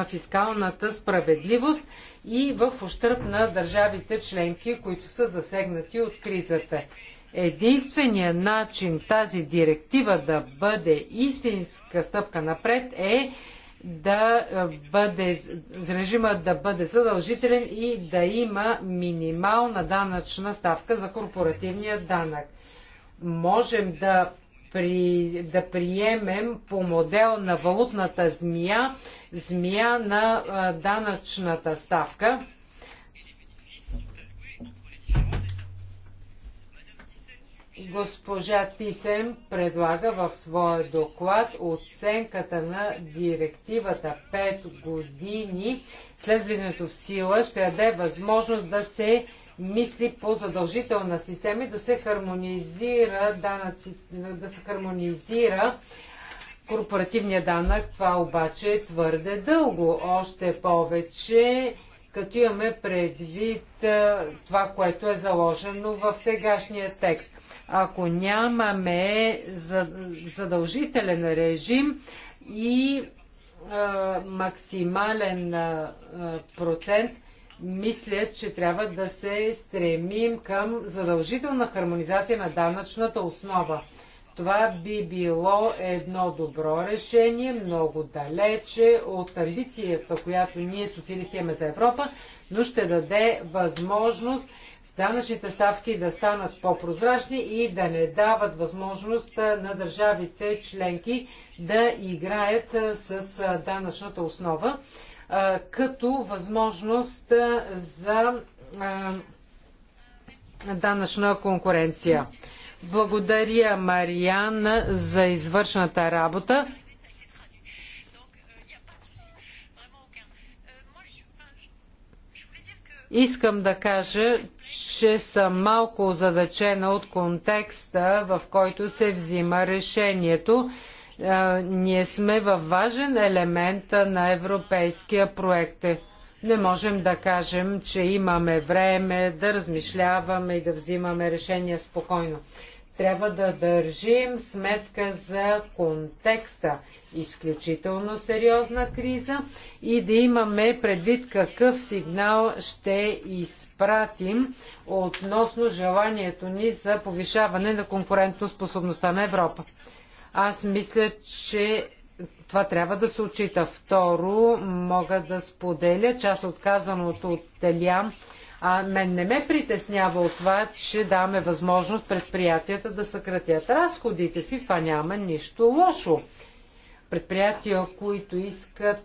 фискалната справедливост и в ущърп на държавите членки, които са засегнати от кризата. Единственият начин тази директива да бъде истинска стъпка напред е да бъде, режима да бъде задължителен и да има минимална данъчна ставка за корпоративния данък. Можем да, при, да приемем по модел на валутната змия, змия на данъчната ставка – Госпожа Тисен предлага в своя доклад оценката на директивата 5 години след влизането в сила ще даде възможност да се мисли по задължителна система и да се хармонизира, данъци, да се хармонизира корпоративния данък. Това обаче е твърде дълго. Още повече като имаме предвид това, което е заложено в сегашния текст. Ако нямаме задължителен режим и максимален процент, мисля, че трябва да се стремим към задължителна хармонизация на данъчната основа. Това би било едно добро решение, много далече от амбицията, която ние социалисти имаме за Европа, но ще даде възможност данъчните ставки да станат по-прозрачни и да не дават възможност на държавите членки да играят с данъчната основа като възможност за данъчна конкуренция. Благодаря, Мариан, за извършната работа. Искам да кажа, че съм малко задачена от контекста, в който се взима решението. Ние сме във важен елемент на европейския проект. Не можем да кажем, че имаме време да размишляваме и да взимаме решения спокойно трябва да държим сметка за контекста. Изключително сериозна криза и да имаме предвид какъв сигнал ще изпратим относно желанието ни за повишаване на конкурентоспособността на Европа. Аз мисля, че това трябва да се отчита. Второ, мога да споделя част от казаното от Телям. А мен не ме притеснява от това, че даме възможност предприятията да съкратят разходите си. Това няма нищо лошо. Предприятия, които искат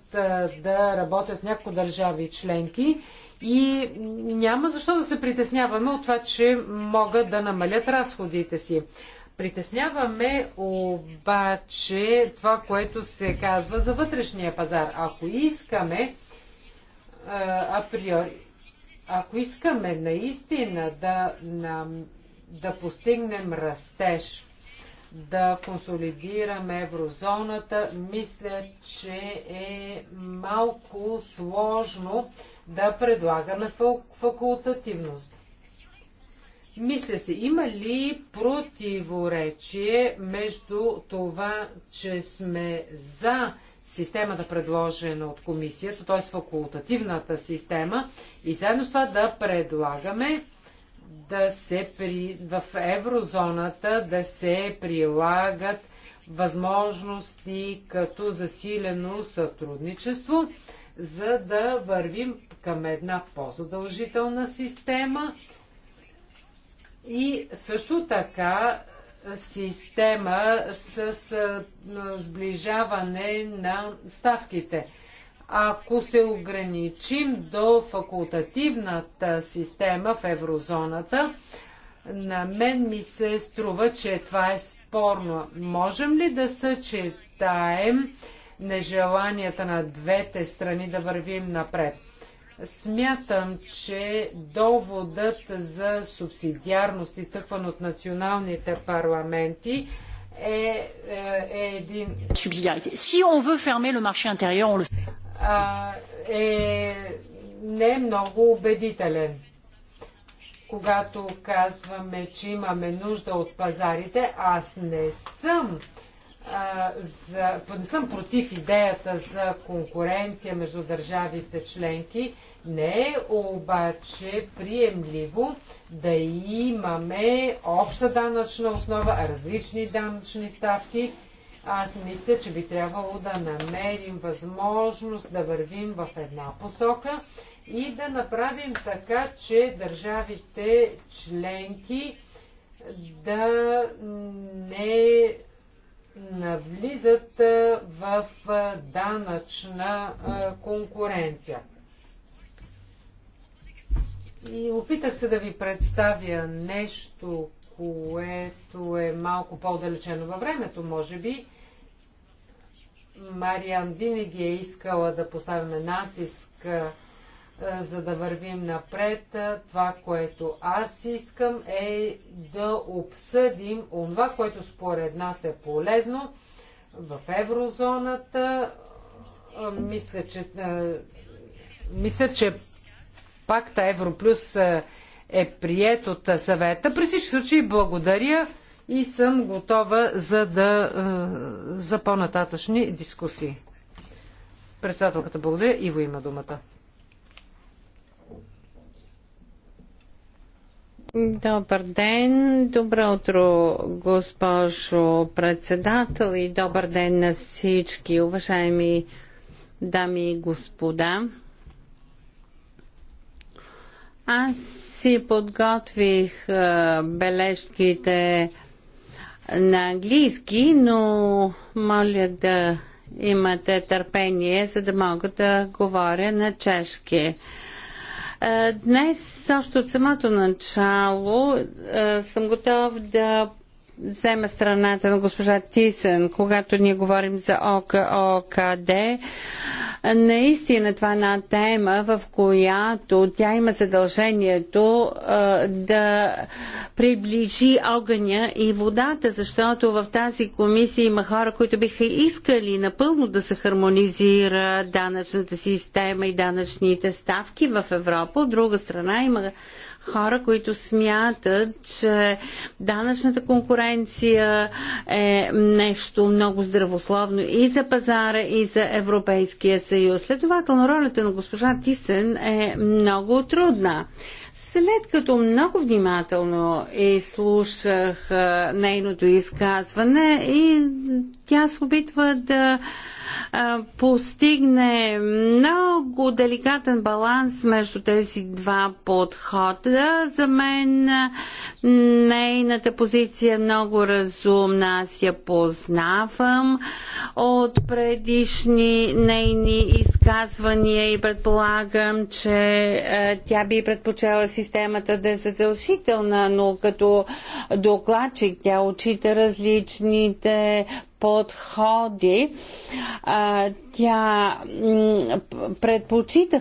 да работят в някои държави членки и няма защо да се притесняваме от това, че могат да намалят разходите си. Притесняваме обаче това, което се казва за вътрешния пазар. Ако искаме априори ако искаме наистина да, на, да постигнем растеж, да консолидираме еврозоната, мисля, че е малко сложно да предлагаме факултативност. Мисля се, има ли противоречие между това, че сме за системата, предложена от комисията, т.е. факултативната система, и заедно с това да предлагаме да се при, в еврозоната да се прилагат възможности като засилено сътрудничество, за да вървим към една по-задължителна система и също така система с сближаване на ставките. Ако се ограничим до факултативната система в еврозоната, на мен ми се струва, че това е спорно. Можем ли да съчетаем нежеланията на двете страни да вървим напред? Смятам, че доводът за субсидиарност, изтъкван от националните парламенти, е, е, е един... Субсидиарите. Си он fermer ферме ле марше on он е, не е много убедителен. Когато казваме, че имаме нужда от пазарите, аз не съм за, не съм против идеята за конкуренция между държавите членки. Не е обаче приемливо да имаме обща данъчна основа, различни данъчни ставки. Аз мисля, че би трябвало да намерим възможност да вървим в една посока и да направим така, че държавите членки да не навлизат в данъчна конкуренция. И опитах се да ви представя нещо, което е малко по-далечено във времето, може би. Мариан винаги е искала да поставяме натиск е, за да вървим напред, е, това, което аз искам е да обсъдим това, което според нас е полезно в еврозоната. Е, мисля, че, мисля, че пакта Европлюс е прият от съвета. При всички случаи благодаря и съм готова за, да, за по-нататъчни дискусии. Председателката благодаря. Иво има думата. Добър ден, добро утро, госпожо председател и добър ден на всички, уважаеми дами и господа. Аз си подготвих бележките на английски, но моля да имате търпение, за да мога да говоря на чешки. Е, днес, още от самото начало, е, съм готов да взема страната на госпожа Тисен, когато ние говорим за ОК, ОКД. Наистина това е една тема, в която тя има задължението а, да приближи огъня и водата, защото в тази комисия има хора, които биха искали напълно да се хармонизира данъчната система и данъчните ставки в Европа. От друга страна има хора, които смятат, че данъчната конкуренция е нещо много здравословно и за пазара, и за Европейския съюз. Следователно, ролята на госпожа Тисен е много трудна. След като много внимателно изслушах нейното изказване и тя се опитва да постигне много деликатен баланс между тези два подхода. За мен нейната позиция е много разумна. Аз я познавам от предишни нейни изказвания и предполагам, че тя би предпочела системата да е задължителна, но като докладчик тя отчита различните подходи. Тя предпочита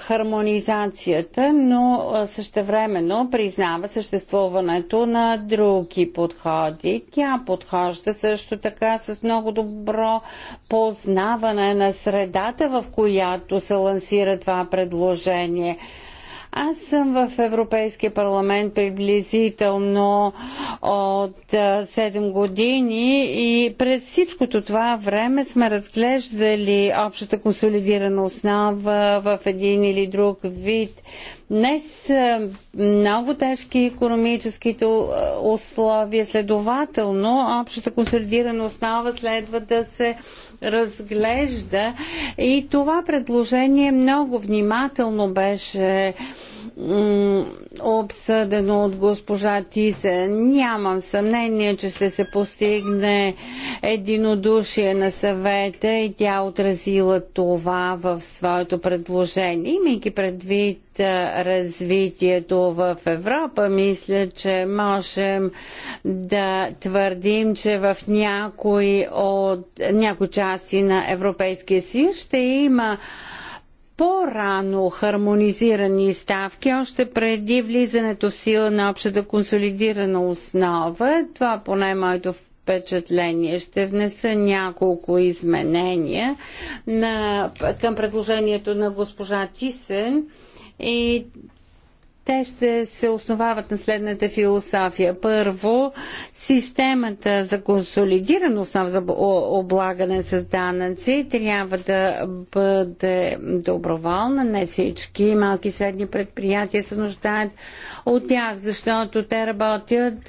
хармонизацията, но същевременно признава съществуването на други подходи. Тя подхожда също така с много добро познаване на средата, в която се лансира това предложение. Аз съм в Европейския парламент приблизително от 7 години и през всичкото това време сме разглеждали общата консолидирана основа в един или друг вид. Днес много тежки економическите условия, следователно общата консолидирана основа следва да се разглежда и това предложение много внимателно беше обсъдено от госпожа Тисе. Нямам съмнение, че ще се постигне единодушие на съвета и тя отразила това в своето предложение. Имайки предвид развитието в Европа, мисля, че можем да твърдим, че в някои от някои части на Европейския съюз ще има по-рано хармонизирани ставки, още преди влизането в сила на общата консолидирана основа. Това поне е моето впечатление. Ще внеса няколко изменения на, към предложението на госпожа Тисен и те ще се основават на следната философия. Първо, системата за консолидиран основ за облагане с данъци трябва да бъде доброволна. Не всички малки и средни предприятия се нуждаят от тях, защото те работят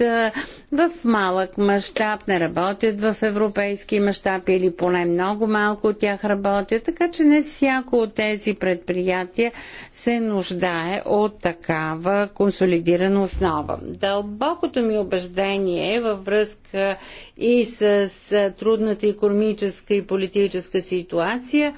в малък мащаб, не работят в европейски мащаб или поне много малко от тях работят, така че не всяко от тези предприятия се нуждае от така такава консолидирана основа. Дълбокото ми убеждение е във връзка и с трудната економическа и политическа ситуация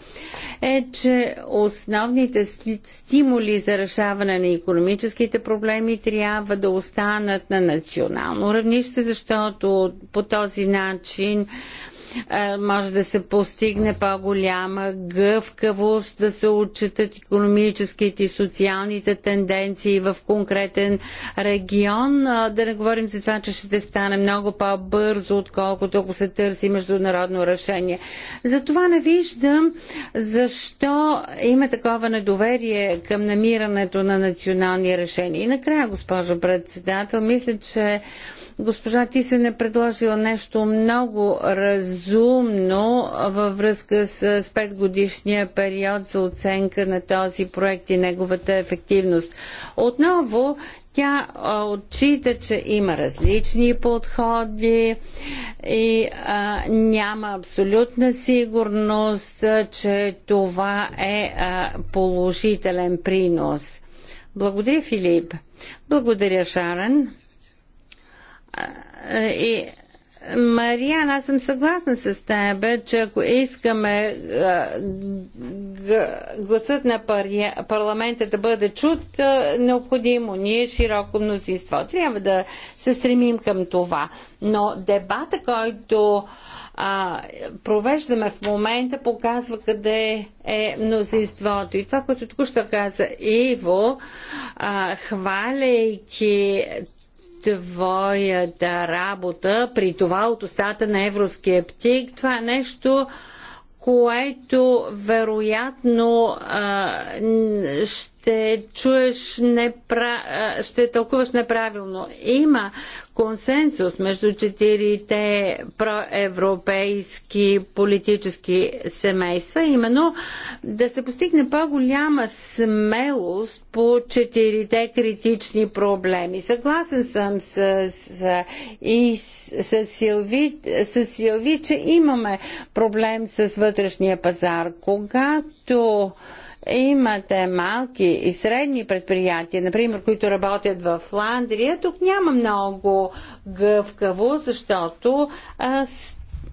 е, че основните стимули за решаване на економическите проблеми трябва да останат на национално равнище, защото по този начин е, може да се постигне по-голяма гъвкавост, да се отчитат економическите и социалните тенденции в конкретен регион. Е, да не говорим за това, че ще стане много по-бързо, отколкото ако се търси международно решение. Затова не виждам защо има такова недоверие към намирането на национални решения. И накрая, госпожо председател, мисля, че Госпожа ти се е предложила нещо много разумно във връзка с 5 годишния период за оценка на този проект и неговата ефективност. Отново тя отчита, че има различни подходи и а, няма абсолютна сигурност, че това е а, положителен принос. Благодаря, Филип. Благодаря, Шарен. И Мариан, аз съм съгласна с теб, че ако искаме гласът на парламента да бъде чут, необходимо ни е широко мнозинство. Трябва да се стремим към това. Но дебата, който а, провеждаме в момента, показва къде е мнозинството. И това, което току-що каза Иво, а, хваляйки твоята работа при това от устата на евроскептик. Това е нещо, което вероятно а, ще чуеш, непра... ще тълкуваш неправилно. Има консенсус между четирите проевропейски политически семейства, именно да се постигне по-голяма смелост по четирите критични проблеми. Съгласен съм с, с, и с, Силви, с Силви, че имаме проблем с вътрешния пазар. Когато имате малки и средни предприятия, например, които работят в Фландрия, тук няма много гъвкаво, защото а,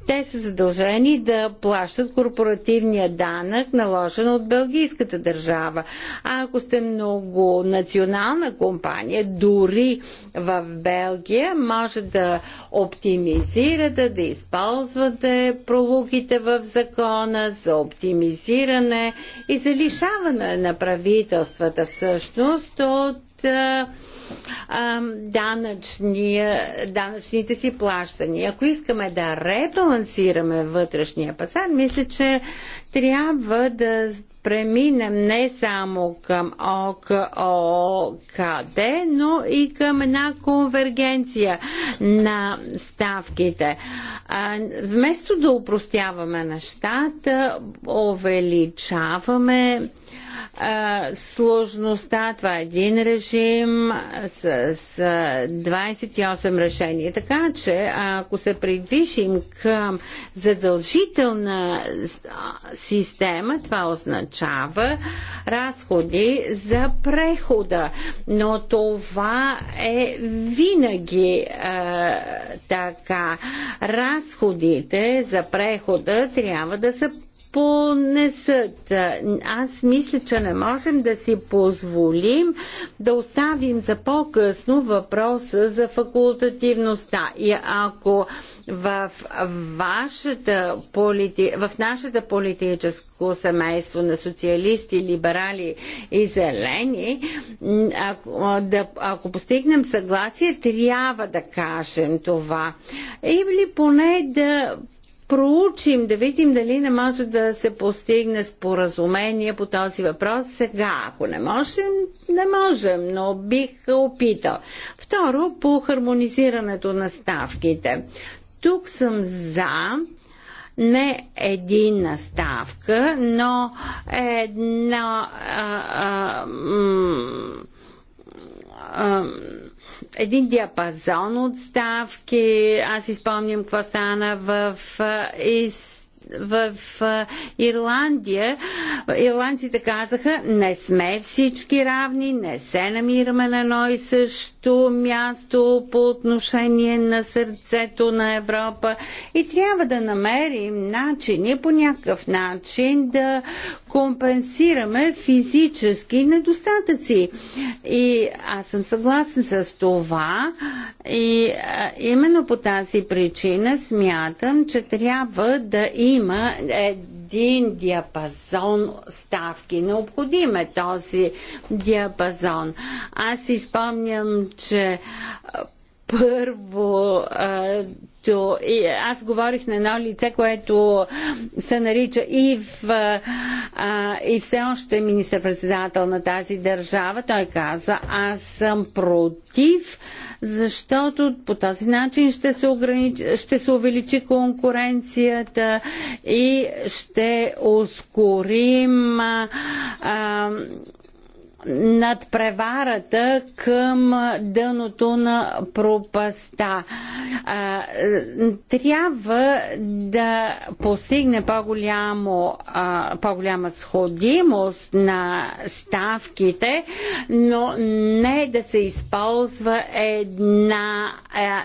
те са задължени да плащат корпоративния данък, наложен от бългийската държава. А ако сте много национална компания, дори в Белгия, може да оптимизирате, да използвате пролуките в закона за оптимизиране и за лишаване на правителствата всъщност от данъчните си плащания. Ако искаме да ребалансираме вътрешния пазар, мисля, че трябва да преминем не само към ОКОКД, но и към една конвергенция на ставките. Вместо да упростяваме нещата, увеличаваме сложността. Това е един режим с, с 28 решения. Така че, ако се придвижим към задължителна система, това означава разходи за прехода. Но това е винаги а, така. Разходите за прехода трябва да са понесат. Аз мисля, че не можем да си позволим да оставим за по-късно въпроса за факултативността. И ако в, вашата полити... в нашата политическо семейство на социалисти, либерали и зелени, ако, да, ако постигнем съгласие, трябва да кажем това. Или поне да проучим, да видим дали не може да се постигне споразумение по този въпрос сега. Ако не можем, не можем, но бих опитал. Второ, по хармонизирането на ставките. Тук съм за не единна ставка, но една а, а, а, един диапазон от ставки. Аз изпомням какво стана в ИС в Ирландия, ирландците казаха, не сме всички равни, не се намираме на едно и също място по отношение на сърцето на Европа и трябва да намерим начини по някакъв начин да компенсираме физически недостатъци. И аз съм съгласен с това и а, именно по тази причина смятам, че трябва да има има един диапазон ставки. Необходим е този диапазон. Аз си спомням, че първо то, и аз говорих на едно лице, което се нарича и в, а, и все още е министър-председател на тази държава. Той каза, аз съм против а, защото по този начин ще се, огранич... ще се увеличи конкуренцията и ще ускорим а, а, над преварата към дъното на пропаста. Трябва да постигне по-голямо, по-голяма сходимост на ставките, но не да се използва една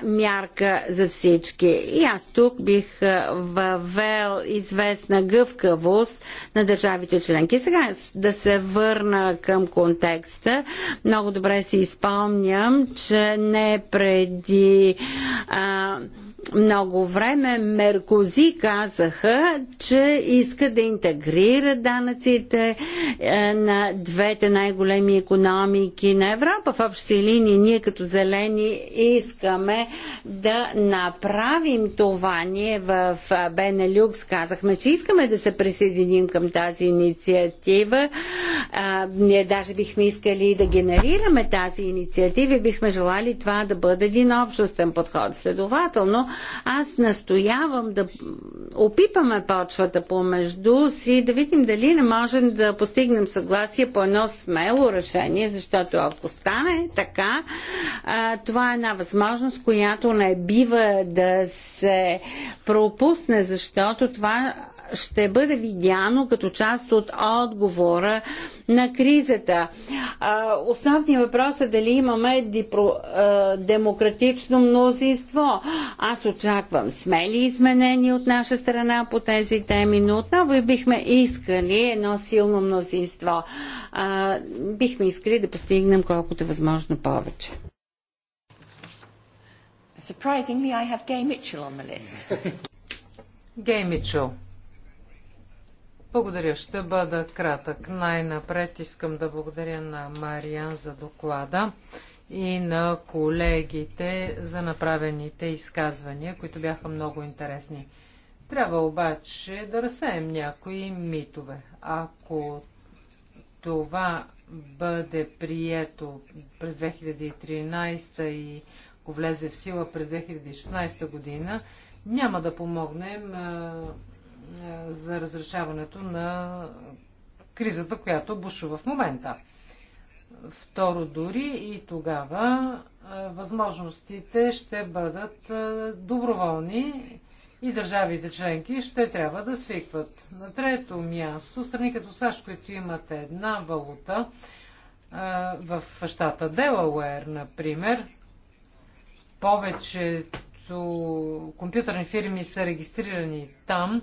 мярка за всички. И аз тук бих въвел известна гъвкавост на държавите членки. Сега да се върна към конкретно контекста. Много добре си изпомням, че не преди а, много време Меркози казаха, че иска да интегрира данъците е, на двете най-големи економики на Европа. В общи линии ние като зелени искаме да направим това. Ние в Бенелюкс казахме, че искаме да се присъединим към тази инициатива. Е, ние даже бихме искали да генерираме тази инициатива и бихме желали това да бъде един общностен подход. Следователно, аз настоявам да опипаме почвата помежду си, да видим дали не можем да постигнем съгласие по едно смело решение, защото ако стане така, това е една възможност, която не бива да се пропусне, защото това ще бъде видяно като част от отговора на кризата. Основният въпрос е дали имаме дипро, демократично мнозинство. Аз очаквам смели изменения от наша страна по тези теми, но отново и бихме искали едно силно мнозинство. Бихме искали да постигнем колкото е възможно повече. Surprisingly, I have Gay Mitchell on the list. Gay Mitchell. Благодаря. Ще бъда кратък. Най-напред искам да благодаря на Мариан за доклада и на колегите за направените изказвания, които бяха много интересни. Трябва обаче да разсеем някои митове. Ако това бъде прието през 2013 и ако влезе в сила през 2016 година, няма да помогнем за разрешаването на кризата, която бушува в момента. Второ, дори и тогава възможностите ще бъдат доброволни и държавите членки ще трябва да свикват. На трето място, страни като САЩ, които имат една валута, в щата Делауер, например, повечето компютърни фирми са регистрирани там,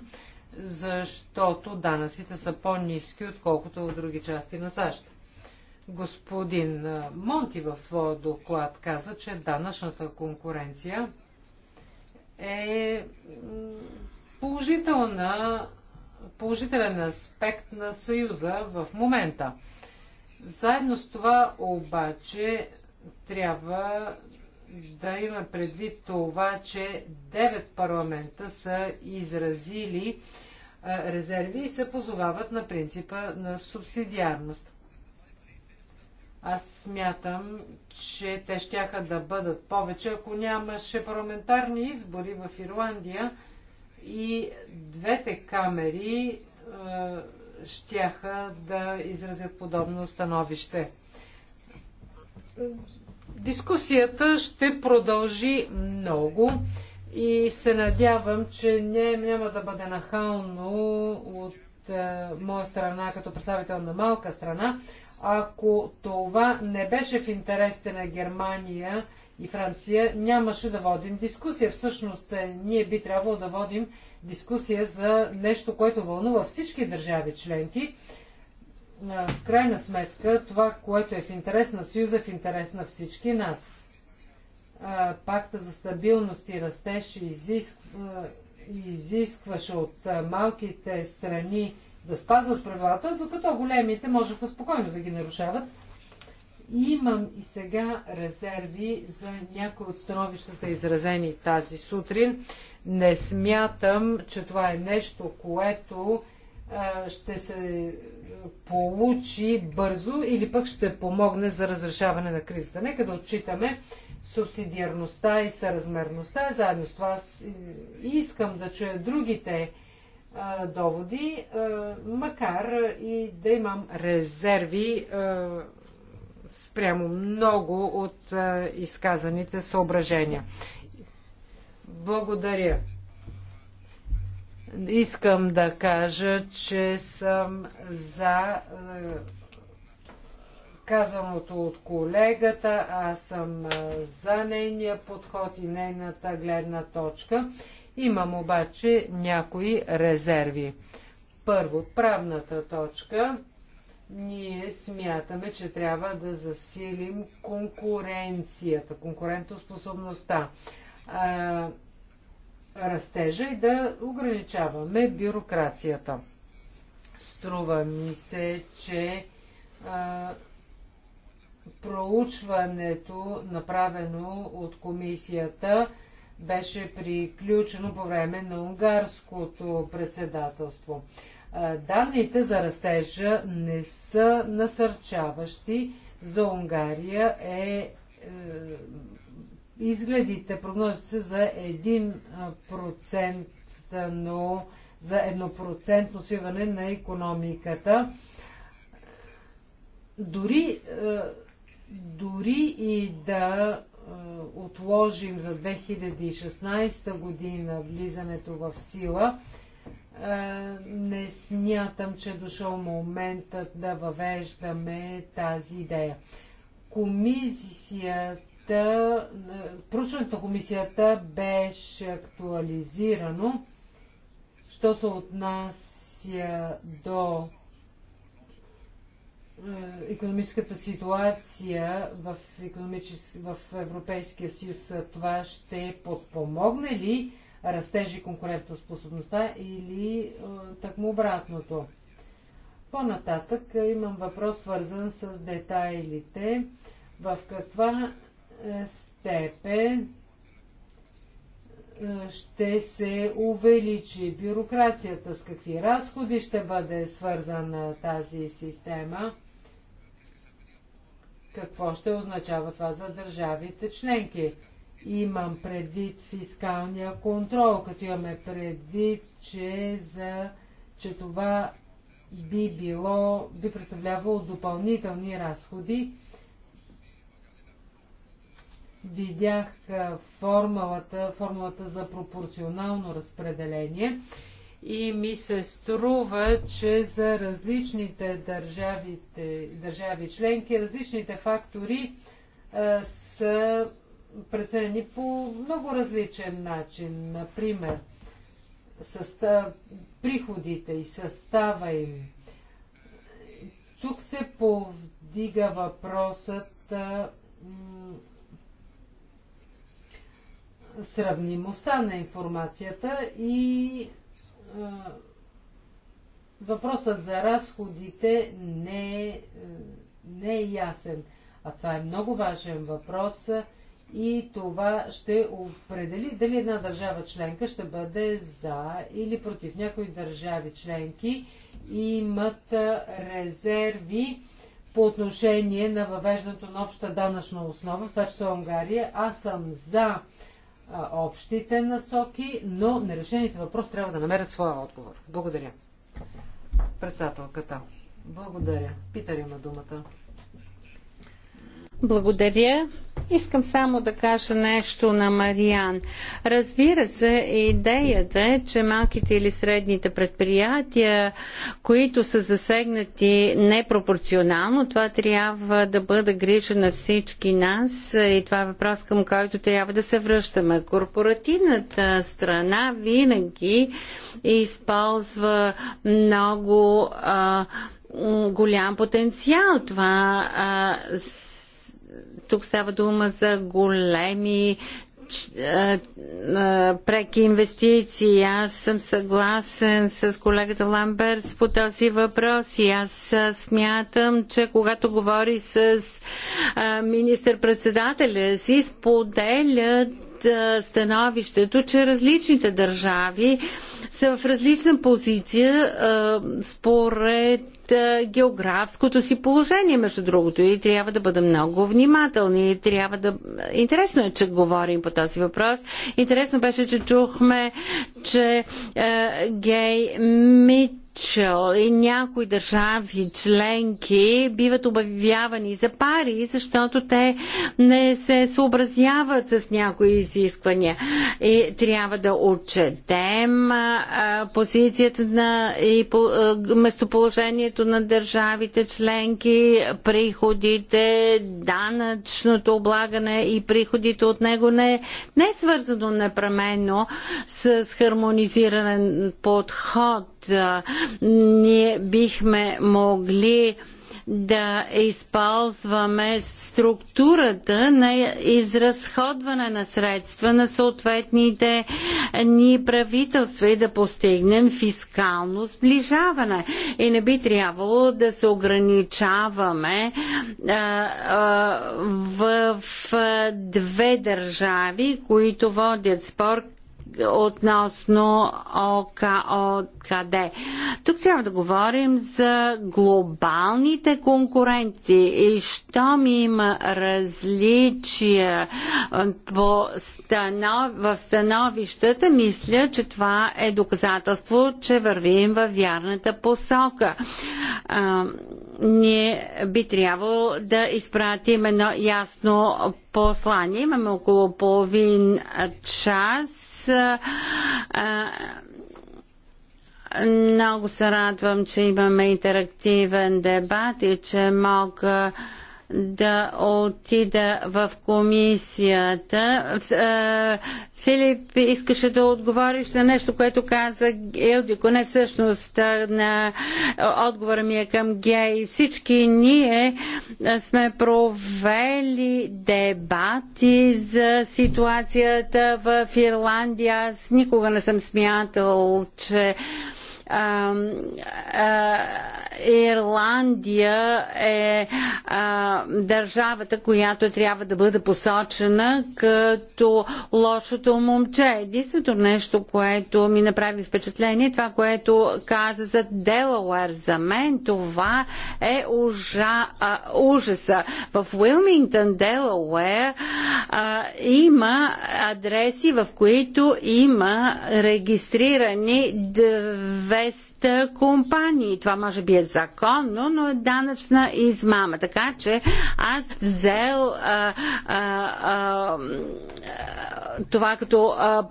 защото данъците са по-низки, отколкото в други части на САЩ. Господин Монти в своя доклад каза, че данъчната конкуренция е положителна, положителен аспект на Съюза в момента. Заедно с това обаче трябва да има предвид това, че 9 парламента са изразили резерви и се позовават на принципа на субсидиарност. Аз смятам, че те щяха да бъдат повече, ако нямаше парламентарни избори в Ирландия и двете камери ще щяха да изразят подобно становище Дискусията ще продължи много и се надявам, че не, няма да бъде нахално от е, моя страна като представител на малка страна. Ако това не беше в интересите на Германия и Франция, нямаше да водим дискусия. Всъщност, е, ние би трябвало да водим дискусия за нещо, което вълнува всички държави членки в крайна сметка това, което е в интерес на Съюза, е в интерес на всички нас. Пакта за стабилност и растеж изисква, изискваше от малките страни да спазват правилата, докато големите можеха спокойно да ги нарушават. Имам и сега резерви за някои от становищата, изразени тази сутрин. Не смятам, че това е нещо, което ще се получи бързо или пък ще помогне за разрешаване на кризата. Нека да отчитаме субсидиарността и съразмерността. Заедно с това искам да чуя другите доводи, макар и да имам резерви спрямо много от изказаните съображения. Благодаря. Искам да кажа, че съм за е, казаното от колегата, аз съм е, за нейния подход и нейната гледна точка. Имам обаче някои резерви. Първо, правната точка. Ние смятаме, че трябва да засилим конкуренцията, конкурентоспособността растежа и да ограничаваме бюрокрацията. Струва ми се, че а, проучването, направено от комисията, беше приключено по време на унгарското председателство. А, данните за растежа не са насърчаващи. За Унгария е, е изгледите, прогнозите са за 1% но за 1% свиване на економиката. Дори, дори и да отложим за 2016 година влизането в сила, не смятам, че е дошъл моментът да въвеждаме тази идея. Комисията комисията, проучването на комисията беше актуализирано, що се отнася до е, економическата ситуация в, економичес... в Европейския съюз, това ще подпомогне ли растежи конкурентоспособността или е, такмо обратното? По-нататък имам въпрос свързан с детайлите. В каква степен е, ще се увеличи бюрокрацията, с какви разходи ще бъде свързана тази система, какво ще означава това за държавите членки. Имам предвид фискалния контрол, като имаме предвид, че, за, че това би, било, би представлявало допълнителни разходи видях формулата, формулата за пропорционално разпределение и ми се струва, че за различните държавите, държави членки, различните фактори а, са преценени по много различен начин. Например, състав, приходите и състава им. Тук се повдига въпросът а, сравнимостта на информацията и а, въпросът за разходите не е, не е ясен. А това е много важен въпрос и това ще определи дали една държава членка ще бъде за или против. Някои държави членки имат резерви по отношение на въвеждането на обща данъчна основа, в това число Унгария. Аз съм за общите насоки, но нерешените въпроси трябва да намерят своя отговор. Благодаря. Председателката. Благодаря. Питър има думата. Благодаря. Искам само да кажа нещо на Мариан. Разбира се, идеята е, че малките или средните предприятия, които са засегнати непропорционално, това трябва да бъде грижа на всички нас и това е въпрос към който трябва да се връщаме. Корпоративната страна винаги използва много а, голям потенциал. Това а, тук става дума за големи преки инвестиции. Аз съм съгласен с колегата Ламберт по този въпрос и аз смятам, че когато говори с министър-председателя си, споделят становището, че различните държави са в различна позиция според географското си положение, между другото, и трябва да бъдем много внимателни. И трябва да... Интересно е, че говорим по този въпрос. Интересно беше, че чухме, че е, гей мит и някои държави членки биват обявявани за пари, защото те не се съобразяват с някои изисквания. И трябва да отчетем а, позицията на и по, а, местоположението участието на държавите членки, приходите, данъчното облагане и приходите от него не, не е свързано непременно с хармонизиран подход. Ние бихме могли да използваме структурата на изразходване на средства на съответните ни правителства и да постигнем фискално сближаване. И не би трябвало да се ограничаваме а, а, в, в две държави, които водят спор относно ОКОКД. Тук трябва да говорим за глобалните конкуренти и що ми има различия по станов... в становищата, мисля, че това е доказателство, че вървим във вярната посока ние би трябвало да изпратим едно ясно послание. Имаме около половин час. Много се радвам, че имаме интерактивен дебат и че мога да отида в комисията. Е, Филип искаше да отговориш на нещо, което каза Елдико. Не всъщност е, на отговора ми е към гей. Всички ние е, сме провели дебати за ситуацията в Ирландия. Аз никога не съм смятал, че а, а, Ирландия е а, държавата, която трябва да бъде посочена като лошото момче. Единственото нещо, което ми направи впечатление, е това, което каза за Делауер, за мен това е ужа, а, ужаса. В Уилмингтън, Делауер а, има адреси, в които има регистрирани две 200 компании. Това може би е законно, но е данъчна измама. Така че аз взел а, а, а, това като а,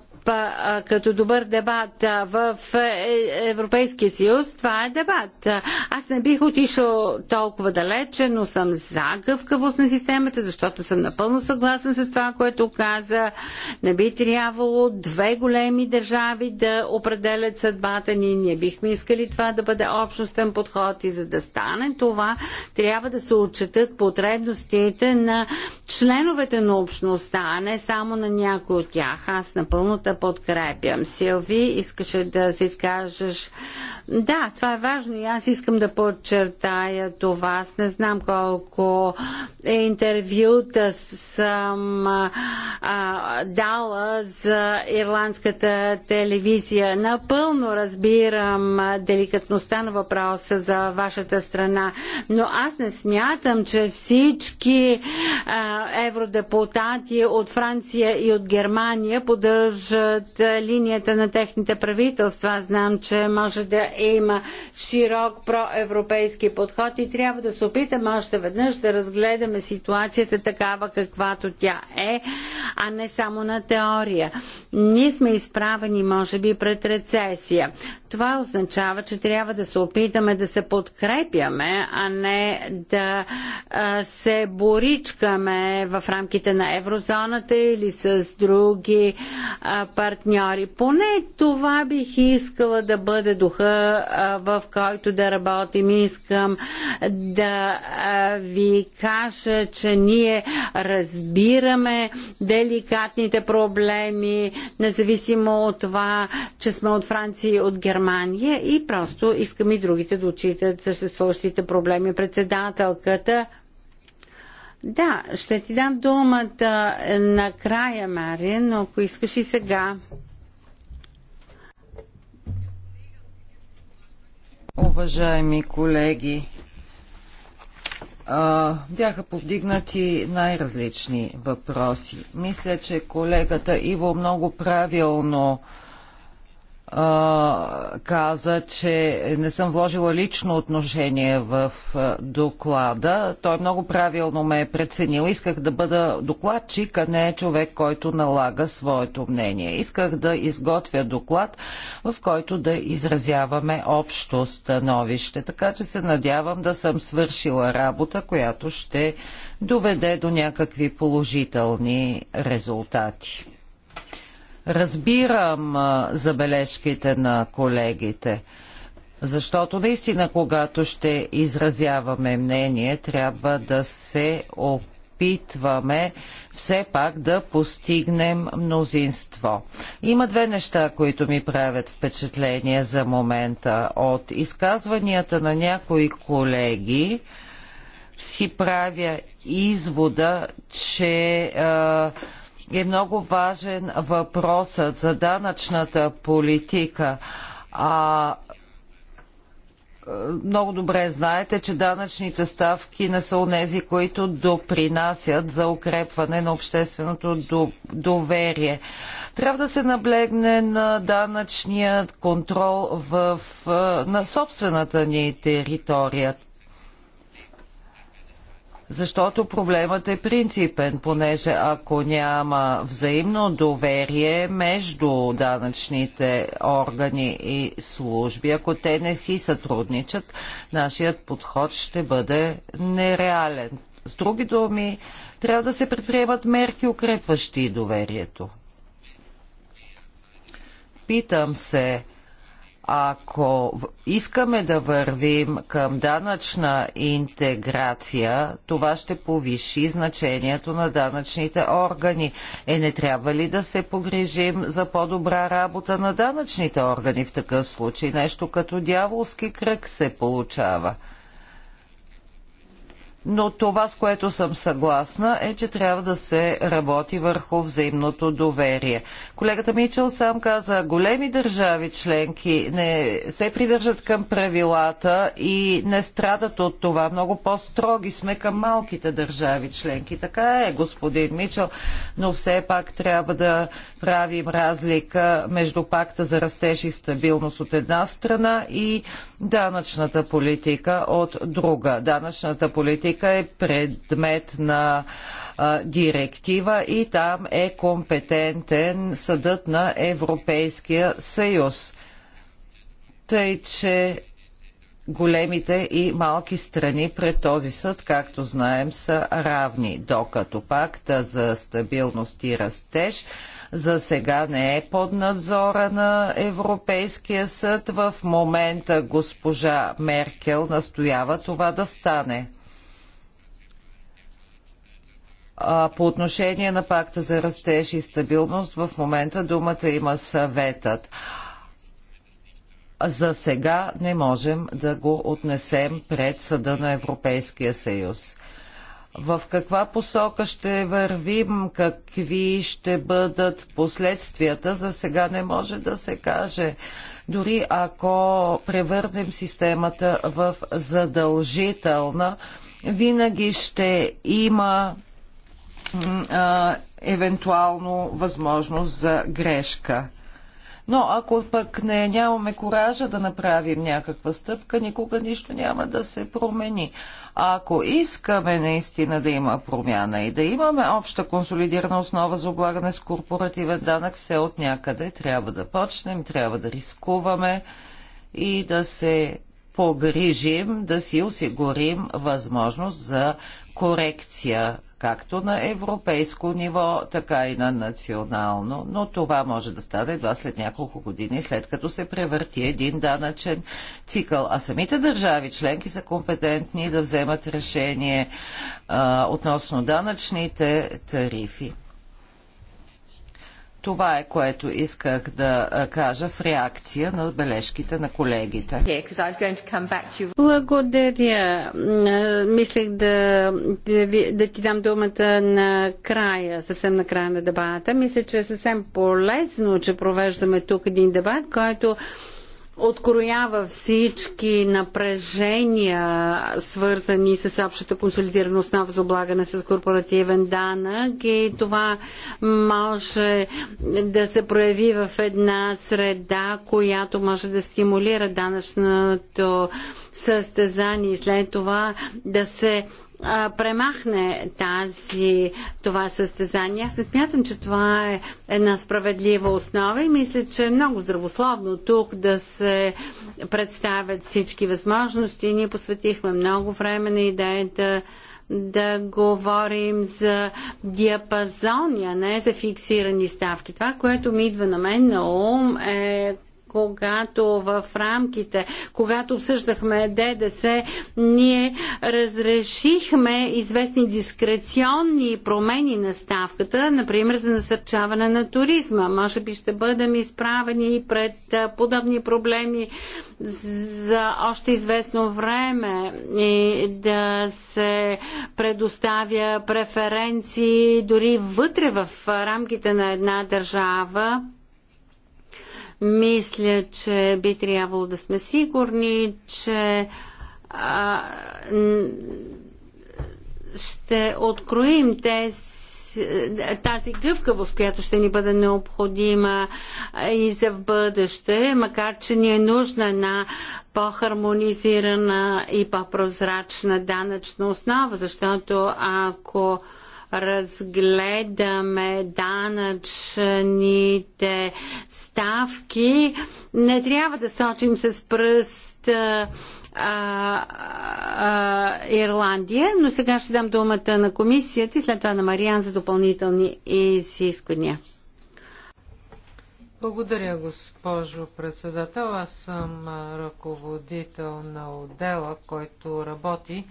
като добър дебат в е, Европейския съюз, това е дебат. Аз не бих отишъл толкова далече, но съм за гъвкавост на системата, защото съм напълно съгласен с това, което каза. Не би трябвало две големи държави да определят съдбата ни. Ние бихме искали това да бъде общностен подход и за да стане това, трябва да се отчетат потребностите на членовете на общността, а не само на някой от тях. Аз напълно подкрепям. Силви, искаше да си кажеш, Да, това е важно и аз искам да подчертая това. Аз не знам колко е интервюта съм а, дала за ирландската телевизия. Напълно разбирам деликатността на въпроса за вашата страна, но аз не смятам, че всички а, евродепутати от Франция и от Германия поддържат от линията на техните правителства. Знам, че може да има широк проевропейски подход и трябва да се опитаме още веднъж да разгледаме ситуацията такава каквато тя е, а не само на теория. Ние сме изправени, може би, пред рецесия. Това означава, че трябва да се опитаме да се подкрепяме, а не да се боричкаме в рамките на еврозоната или с други партньори. Поне това бих искала да бъде духа, в който да работим. Искам да ви кажа, че ние разбираме деликатните проблеми, независимо от това, че сме от Франция и от Германия и просто искам и другите да отчитат съществуващите проблеми. Председателката да, ще ти дам думата е, накрая, Мари, но ако искаш и сега. Уважаеми колеги, бяха повдигнати най-различни въпроси. Мисля, че колегата Иво много правилно а, каза, че не съм вложила лично отношение в доклада. Той много правилно ме е преценил. Исках да бъда докладчик, а не човек, който налага своето мнение. Исках да изготвя доклад, в който да изразяваме общо становище. Така че се надявам да съм свършила работа, която ще доведе до някакви положителни резултати. Разбирам забележките на колегите. Защото наистина, когато ще изразяваме мнение, трябва да се опитваме все пак да постигнем мнозинство. Има две неща, които ми правят впечатление за момента. От изказванията на някои колеги си правя извода, че. Е, е много важен въпросът за данъчната политика. А е, много добре знаете, че данъчните ставки не са онези, които допринасят за укрепване на общественото доверие. Трябва да се наблегне на данъчния контрол в, е, на собствената ни територия защото проблемът е принципен, понеже ако няма взаимно доверие между данъчните органи и служби, ако те не си сътрудничат, нашият подход ще бъде нереален. С други думи, трябва да се предприемат мерки, укрепващи доверието. Питам се, ако искаме да вървим към данъчна интеграция, това ще повиши значението на данъчните органи. Е, не трябва ли да се погрижим за по-добра работа на данъчните органи в такъв случай? Нещо като дяволски кръг се получава. Но това, с което съм съгласна, е, че трябва да се работи върху взаимното доверие. Колегата Мичел сам каза, големи държави членки не се придържат към правилата и не страдат от това. Много по-строги сме към малките държави членки. Така е, господин Мичел, но все пак трябва да правим разлика между пакта за растеж и стабилност от една страна и данъчната политика от друга. Данъчната политика Африка е предмет на а, директива и там е компетентен съдът на Европейския съюз. Тъй, че големите и малки страни пред този съд, както знаем, са равни, докато пакта за стабилност и растеж за сега не е под надзора на Европейския съд. В момента госпожа Меркел настоява това да стане. А, по отношение на пакта за растеж и стабилност, в момента думата има съветът. За сега не можем да го отнесем пред съда на Европейския съюз. В каква посока ще вървим, какви ще бъдат последствията, за сега не може да се каже. Дори ако превърнем системата в задължителна, винаги ще има евентуално възможност за грешка. Но ако пък не нямаме коража да направим някаква стъпка, никога нищо няма да се промени. А ако искаме наистина да има промяна и да имаме обща консолидирана основа за облагане с корпоративен данък, все от някъде трябва да почнем, трябва да рискуваме и да се погрижим, да си осигурим възможност за корекция както на европейско ниво, така и на национално, но това може да стане едва след няколко години, след като се превърти един данъчен цикъл. А самите държави членки са компетентни да вземат решение а, относно данъчните тарифи. Това е което исках да кажа в реакция на бележките на колегите. Благодаря. Мислех да, да ти дам думата на края, съвсем на края на дебата. Мисля, че е съвсем полезно, че провеждаме тук един дебат, който откроява всички напрежения, свързани с общата консолидирана основа за облагане с корпоративен данък и това може да се прояви в една среда, която може да стимулира данъчното състезание и след това да се премахне тази, това състезание. Аз не смятам, че това е една справедлива основа и мисля, че е много здравословно тук да се представят всички възможности. Ние посветихме много време на идеята да говорим за диапазони, а не за фиксирани ставки. Това, което ми идва на мен на ум е когато в рамките, когато обсъждахме ДДС, ние разрешихме известни дискреционни промени на ставката, например за насърчаване на туризма. Може би ще бъдем изправени и пред подобни проблеми за още известно време и да се предоставя преференции дори вътре в рамките на една държава мисля, че би трябвало да сме сигурни, че а, ще откроим тези тази гъвкавост, която ще ни бъде необходима и за в бъдеще, макар че ни е нужна на по-хармонизирана и по-прозрачна данъчна основа, защото ако разгледаме данъчните ставки, не трябва да сочим с пръст а, а, а, Ирландия, но сега ще дам думата на комисията и след това на Мариан за допълнителни изисквания. Благодаря, госпожо председател. Аз съм ръководител на отдела, който работи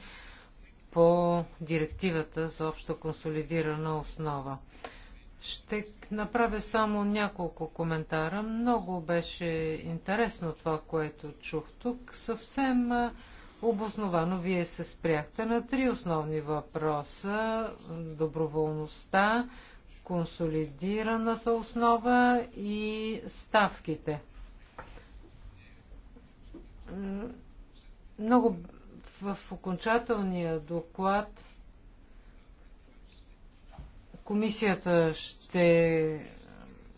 по директивата за обща консолидирана основа. Ще направя само няколко коментара. Много беше интересно това, което чух тук. Съвсем обосновано вие се спряхте на три основни въпроса. Доброволността, консолидираната основа и ставките. Много в окончателния доклад комисията ще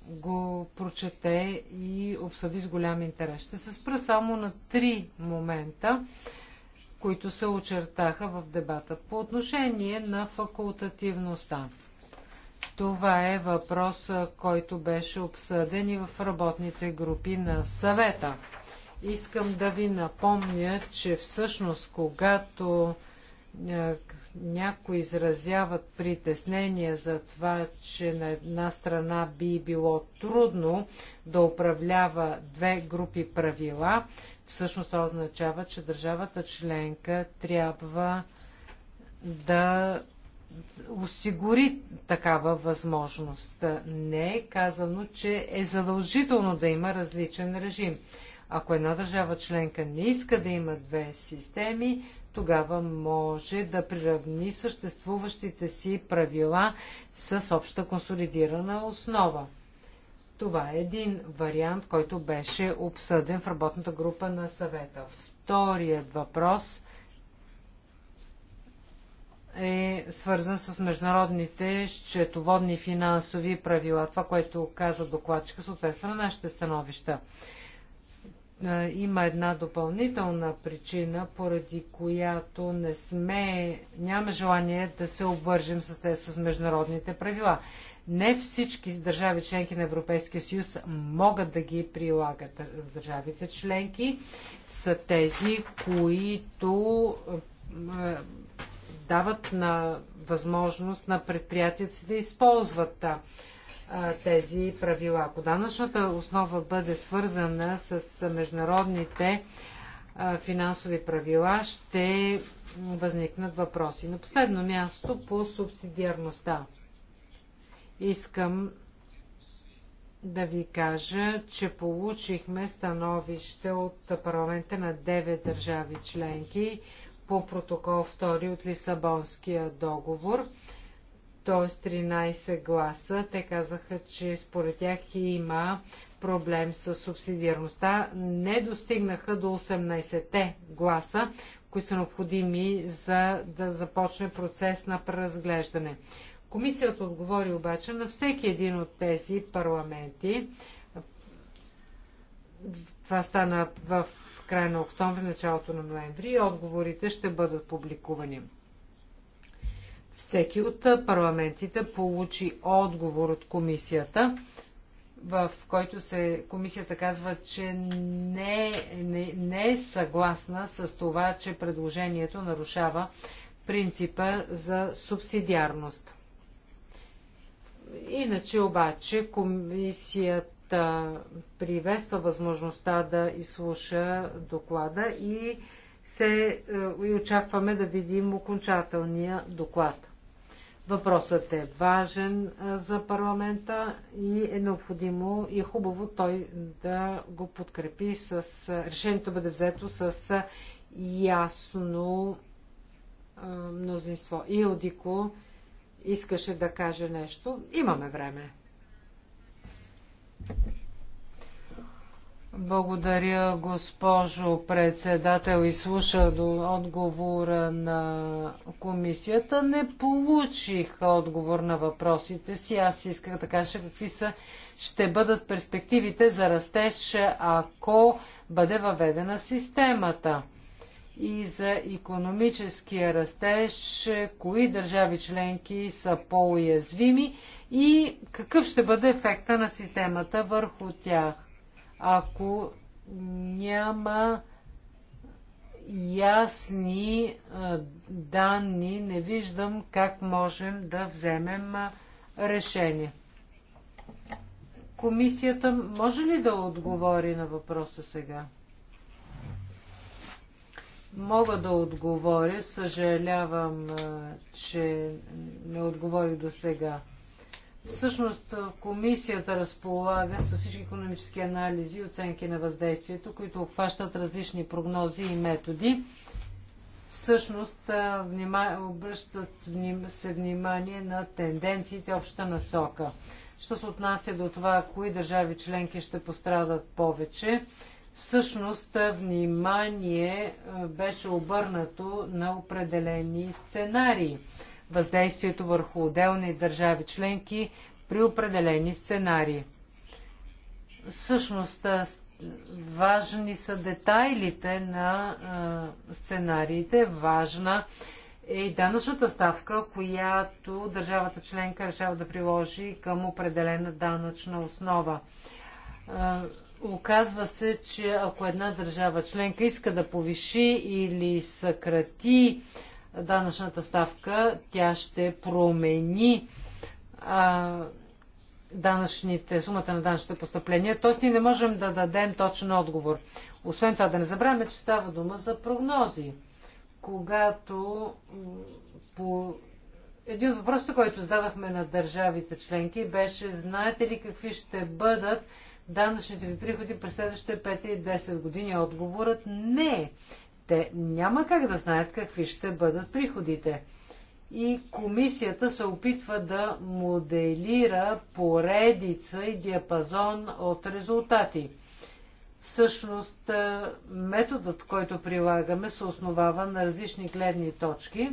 го прочете и обсъди с голям интерес. Ще се спра само на три момента, които се очертаха в дебата. По отношение на факултативността. Това е въпрос, който беше обсъден и в работните групи на съвета. Искам да ви напомня, че всъщност, когато някои изразяват притеснение за това, че на една страна би било трудно да управлява две групи правила, всъщност това означава, че държавата членка трябва да осигури такава възможност. Не е казано, че е задължително да има различен режим. Ако една държава членка не иска да има две системи, тогава може да приравни съществуващите си правила с обща консолидирана основа. Това е един вариант, който беше обсъден в работната група на съвета. Вторият въпрос е свързан с международните счетоводни финансови правила. Това, което каза докладчика, съответства на нашите становища. Е, има една допълнителна причина, поради която не сме, нямаме желание да се обвържим с, те, с международните правила. Не всички държави членки на Европейския съюз могат да ги прилагат. Държавите членки са тези, които е, е, дават на възможност на предприятията си да използват тези правила. Ако данъчната основа бъде свързана с международните финансови правила, ще възникнат въпроси. На последно място по субсидиарността. Искам да ви кажа, че получихме становище от парламента на 9 държави членки по протокол 2 от Лисабонския договор т.е. 13 гласа. Те казаха, че според тях има проблем с субсидиарността. Не достигнаха до 18-те гласа, които са необходими за да започне процес на преразглеждане. Комисията отговори обаче на всеки един от тези парламенти. Това стана в края на октомври, началото на ноември и отговорите ще бъдат публикувани. Всеки от парламентите получи отговор от комисията, в който се комисията казва, че не, не, не е съгласна с това, че предложението нарушава принципа за субсидиарност. Иначе обаче комисията приветства възможността да изслуша доклада и се е, и очакваме да видим окончателния доклад. Въпросът е важен е, за парламента и е необходимо и е хубаво той да го подкрепи с решението бъде взето с ясно мнозинство. Илдико искаше да каже нещо. Имаме време. Благодаря, госпожо председател. Изслушах до отговора на комисията. Не получих отговор на въпросите си. Аз исках да кажа какви са, ще бъдат перспективите за растеж, ако бъде въведена системата. И за економическия растеж, кои държави членки са по-уязвими и какъв ще бъде ефекта на системата върху тях ако няма ясни данни, не виждам как можем да вземем решение. Комисията може ли да отговори на въпроса сега? Мога да отговоря. Съжалявам, че не отговорих до сега. Всъщност комисията разполага с всички економически анализи и оценки на въздействието, които обхващат различни прогнози и методи. Всъщност внима... обръщат вним... се внимание на тенденциите, обща насока. Що се отнася до това, кои държави членки ще пострадат повече, всъщност внимание беше обърнато на определени сценарии въздействието върху отделни държави членки при определени сценарии. Всъщност, важни са детайлите на а, сценариите. Важна е и данъчната ставка, която държавата членка решава да приложи към определена данъчна основа. оказва се, че ако една държава членка иска да повиши или съкрати данъчната ставка, тя ще промени а, данъчните, сумата на данъчните постъпления. Тоест ние не можем да дадем точен отговор. Освен това да не забравяме, че става дума за прогнози. Когато по един от въпросите, който зададахме на държавите членки, беше знаете ли какви ще бъдат данъчните ви приходи през следващите 5 и 10 години? Отговорът не те няма как да знаят какви ще бъдат приходите. И комисията се опитва да моделира поредица и диапазон от резултати. Всъщност, е, методът, който прилагаме, се основава на различни гледни точки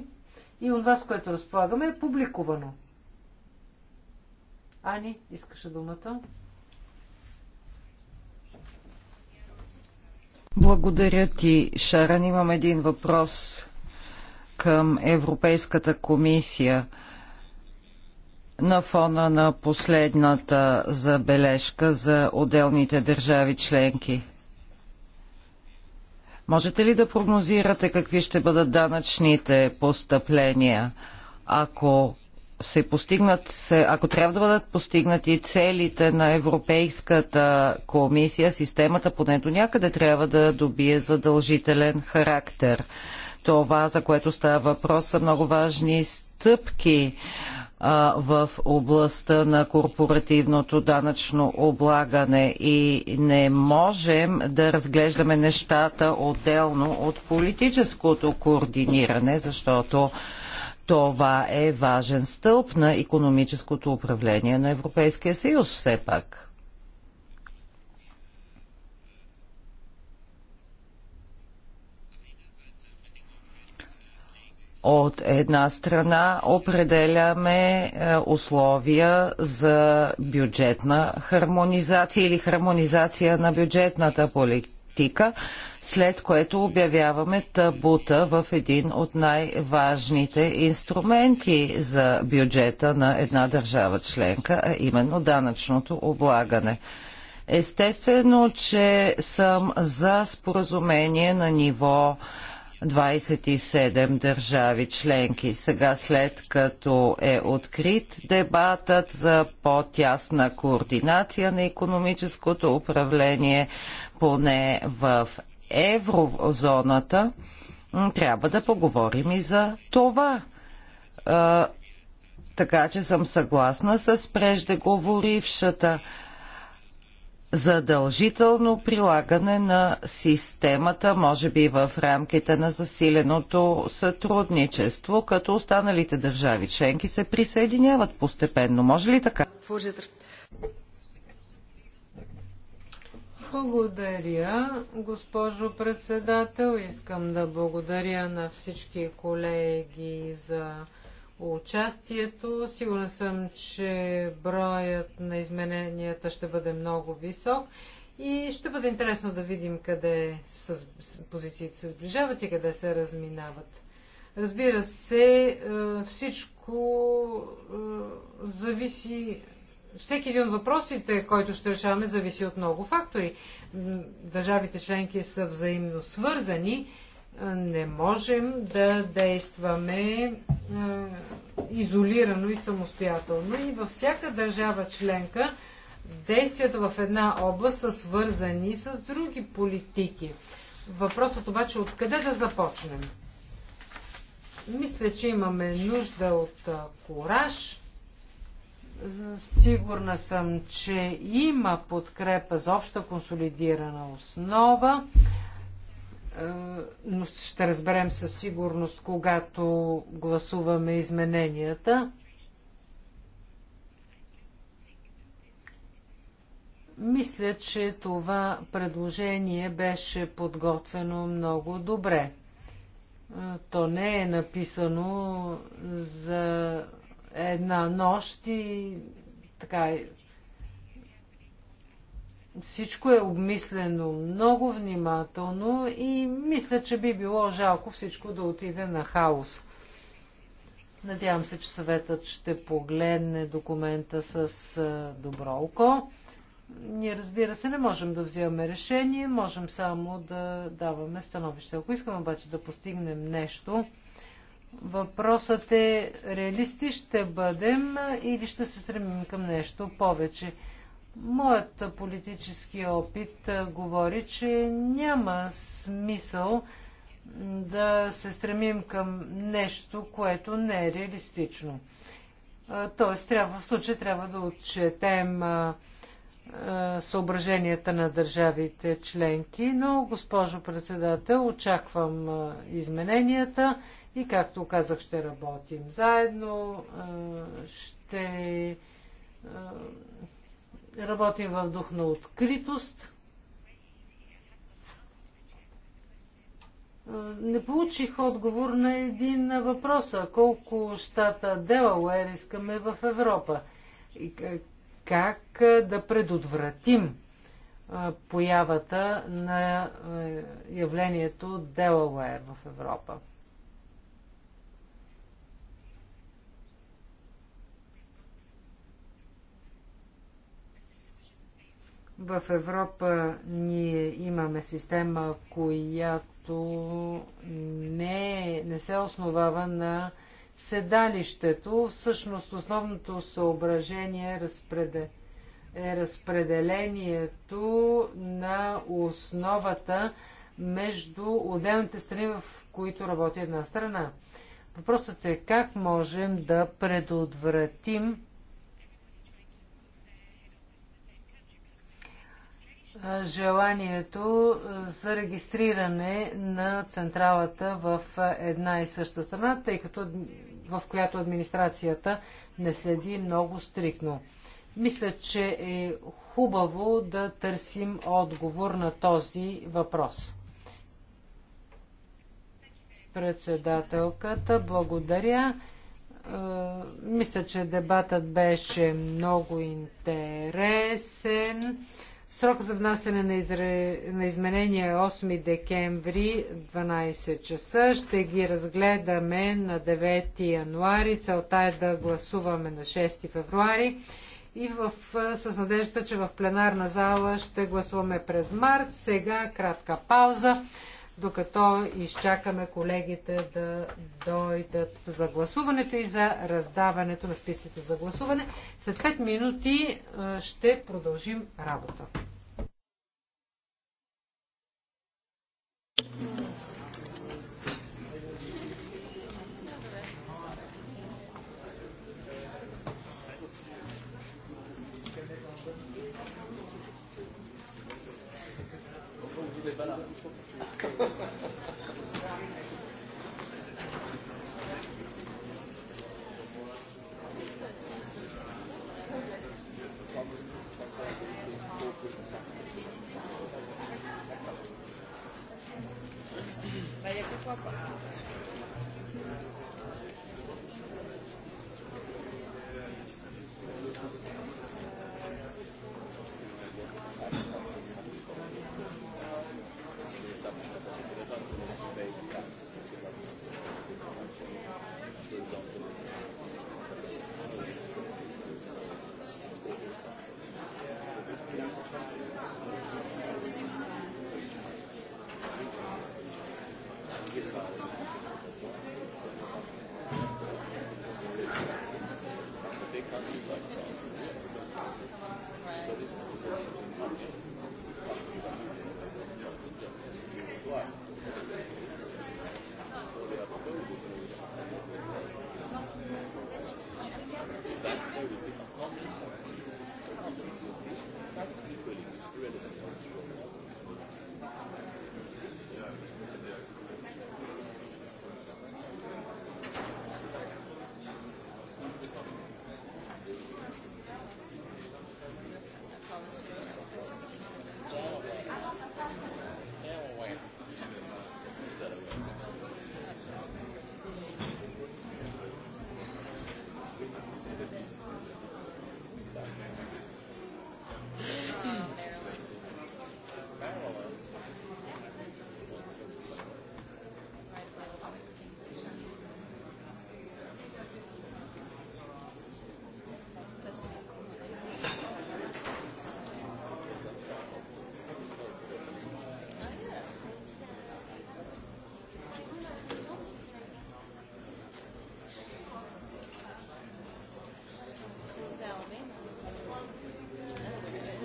и от вас, което разполагаме, е публикувано. Ани, искаше думата? Благодаря ти, Шаран. Имам един въпрос към Европейската комисия на фона на последната забележка за отделните държави членки. Можете ли да прогнозирате какви ще бъдат данъчните постъпления, ако се постигнат, ако трябва да бъдат постигнати целите на Европейската комисия, системата поне до някъде трябва да добие задължителен характер. Това, за което става въпрос, са много важни стъпки а, в областта на корпоративното данъчно облагане и не можем да разглеждаме нещата отделно от политическото координиране, защото това е важен стълб на економическото управление на Европейския съюз все пак. От една страна определяме е, условия за бюджетна хармонизация или хармонизация на бюджетната политика политика, след което обявяваме табута в един от най-важните инструменти за бюджета на една държава членка, а именно данъчното облагане. Естествено, че съм за споразумение на ниво 27 държави членки. Сега след като е открит дебатът за по-тясна координация на економическото управление поне в еврозоната, трябва да поговорим и за това. А, така че съм съгласна с преждеговорившата задължително прилагане на системата, може би в рамките на засиленото сътрудничество, като останалите държави членки се присъединяват постепенно. Може ли така? Благодаря, госпожо председател. Искам да благодаря на всички колеги за участието. Сигурен съм, че броят на измененията ще бъде много висок и ще бъде интересно да видим къде с, позициите се сближават и къде се разминават. Разбира се, е, всичко е, зависи всеки един от въпросите, който ще решаваме, зависи от много фактори. Държавите членки са взаимно свързани. Не можем да действаме изолирано и самостоятелно. И във всяка държава членка действията в една област са свързани с други политики. Въпросът обаче е откъде да започнем? Мисля, че имаме нужда от кураж Сигурна съм, че има подкрепа за обща консолидирана основа, е, но ще разберем със сигурност, когато гласуваме измененията. Мисля, че това предложение беше подготвено много добре. Е, то не е написано за една нощ и така всичко е обмислено много внимателно и мисля, че би било жалко всичко да отиде на хаос. Надявам се, че съветът ще погледне документа с добро око. Ние, разбира се, не можем да взимаме решение, можем само да даваме становище. Ако искаме обаче да постигнем нещо, Въпросът е, реалисти ще бъдем или ще се стремим към нещо повече? Моят политически опит говори, че няма смисъл да се стремим към нещо, което не е реалистично. Тоест, трябва, в случай трябва да отчетем е, съображенията на държавите членки, но, госпожо председател, очаквам е, измененията и, както казах, ще работим заедно, е, ще работим в дух на откритост. Не получих отговор на един въпрос. Колко щата Делауер искаме в Европа? как да предотвратим появата на явлението Делауер в Европа. В Европа ние имаме система, която не, е, не се основава на седалището. Всъщност основното съображение е, разпреде, е разпределението на основата между отделните страни, в които работи една страна. Въпросът е как можем да предотвратим желанието за регистриране на централата в една и съща страна, тъй като в която администрацията не следи много стрикно. Мисля, че е хубаво да търсим отговор на този въпрос. Председателката, благодаря. Е, мисля, че дебатът беше много интересен. Срок за внасяне на, изре... на изменения е 8 декември 12 часа. Ще ги разгледаме на 9 януари. Целта е да гласуваме на 6 февруари и в, с надеждата, че в пленарна зала ще гласуваме през март. Сега кратка пауза докато изчакаме колегите да дойдат за гласуването и за раздаването на списъците за гласуване. След 5 минути е, ще продължим работа.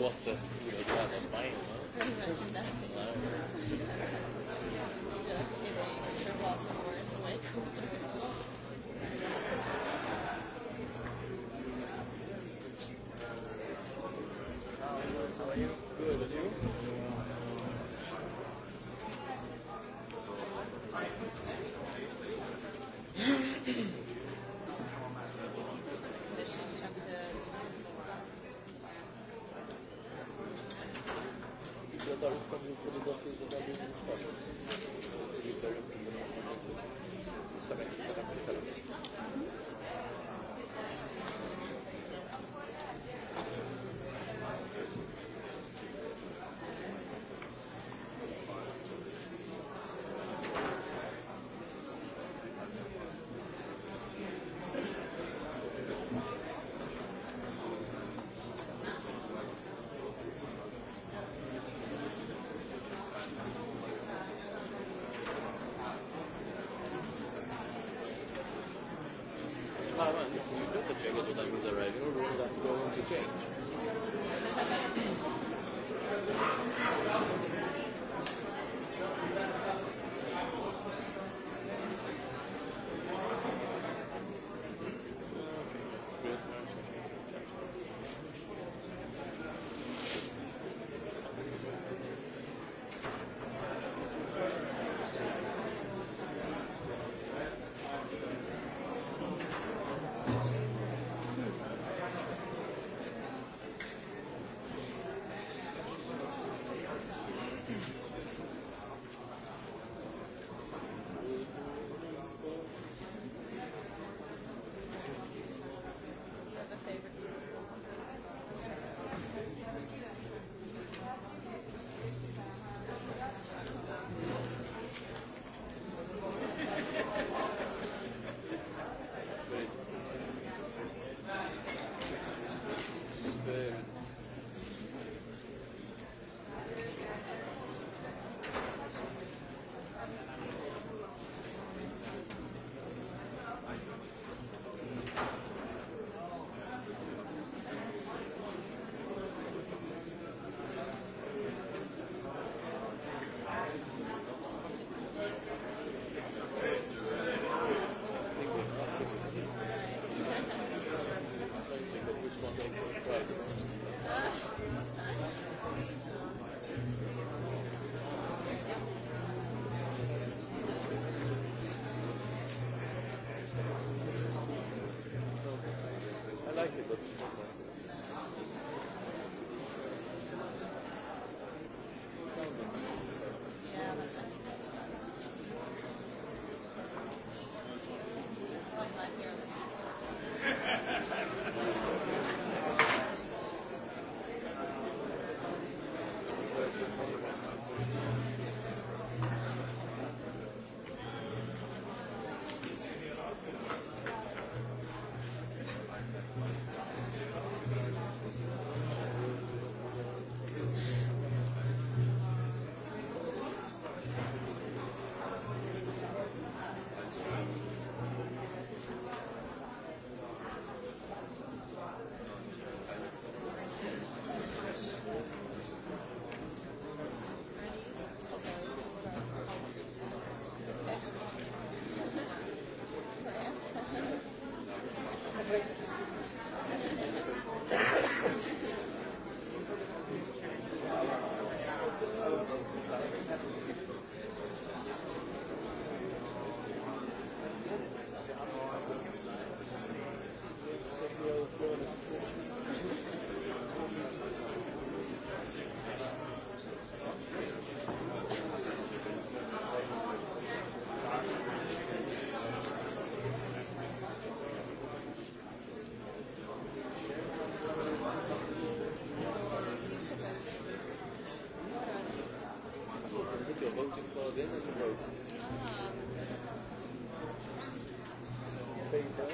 what the school has done on my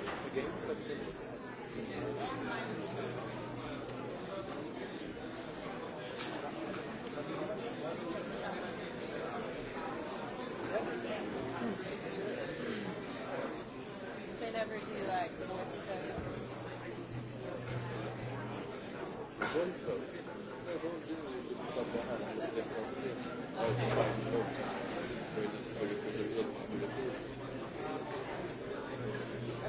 Okay.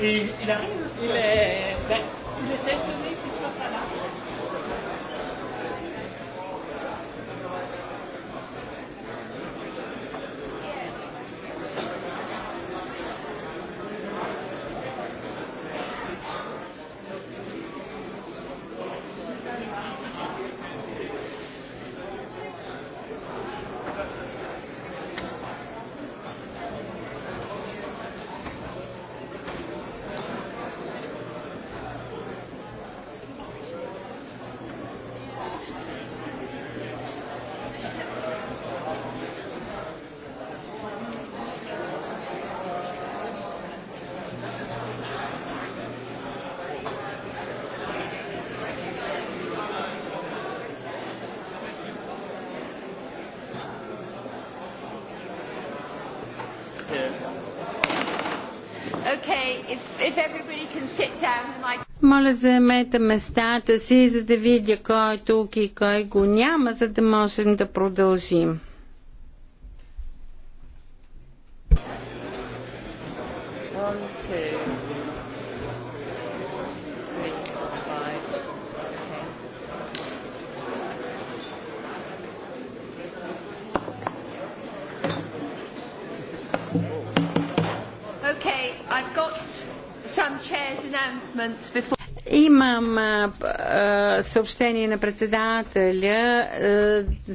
Et il arrive Моля, заемете местата си, за да видя кой е тук и кой го няма, за да можем да продължим. съобщение на председателя, е,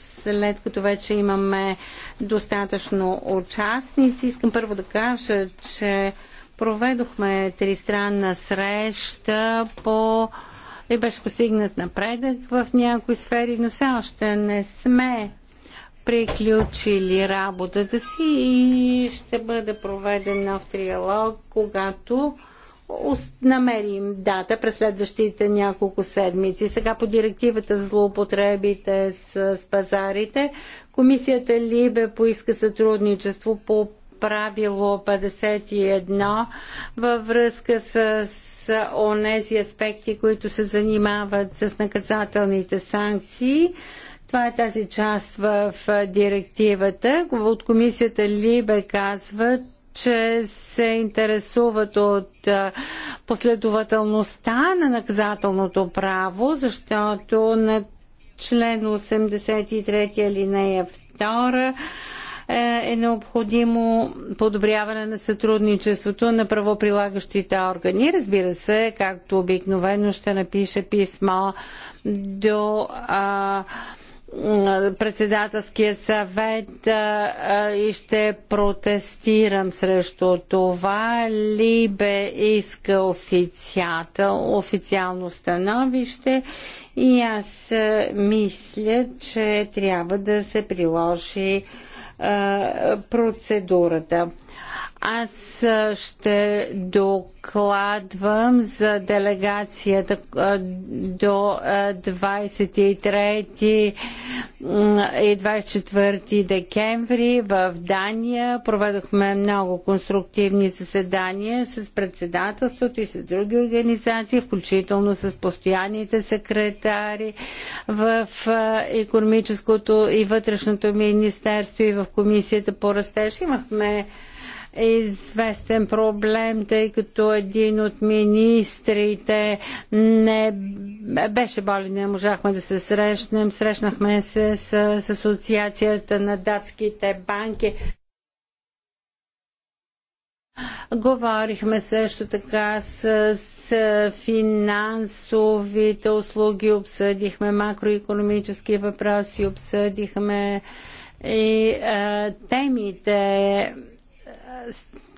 след като вече имаме достатъчно участници. Искам първо да кажа, че проведохме тристранна среща по и беше постигнат напредък в някои сфери, но все още не сме приключили работата си и ще бъде проведен нов триалог, когато намерим дата през следващите няколко седмици. Сега по директивата за злоупотребите с, с пазарите, комисията Либе поиска сътрудничество по правило 51 във връзка с, с онези аспекти, които се занимават с наказателните санкции. Това е тази част в директивата. От комисията Либе казват, че се интересуват от последователността на наказателното право, защото на член 83 алинея 2 е, е необходимо подобряване на сътрудничеството на правоприлагащите органи. Разбира се, както обикновено ще напише писмо до а, председателския съвет и ще протестирам срещу това. Либе иска официател, официално становище и аз мисля, че трябва да се приложи процедурата. Аз ще докладвам за делегацията до 23 и 24 декември в Дания. Проведохме много конструктивни заседания с председателството и с други организации, включително с постоянните секретари в економическото и вътрешното министерство и в комисията по растеж. Имахме известен проблем, тъй като един от министрите не беше болен, не можахме да се срещнем. Срещнахме се с, с Асоциацията на датските банки. Говорихме също така с, с финансовите услуги, обсъдихме макроекономически въпроси, обсъдихме и а, темите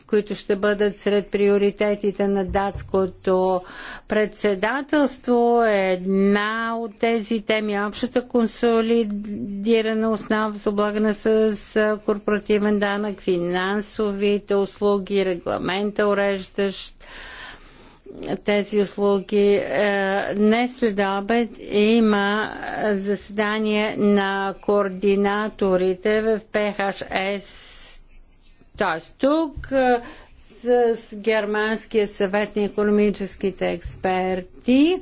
които ще бъдат сред приоритетите на датското председателство. Е една от тези теми общата консолидирана основа за облагане с корпоративен данък, финансовите услуги, регламента уреждащ тези услуги. Е, днес след обед има заседание на координаторите в ПХС Тоест, тук с, с Германския съвет на економическите експерти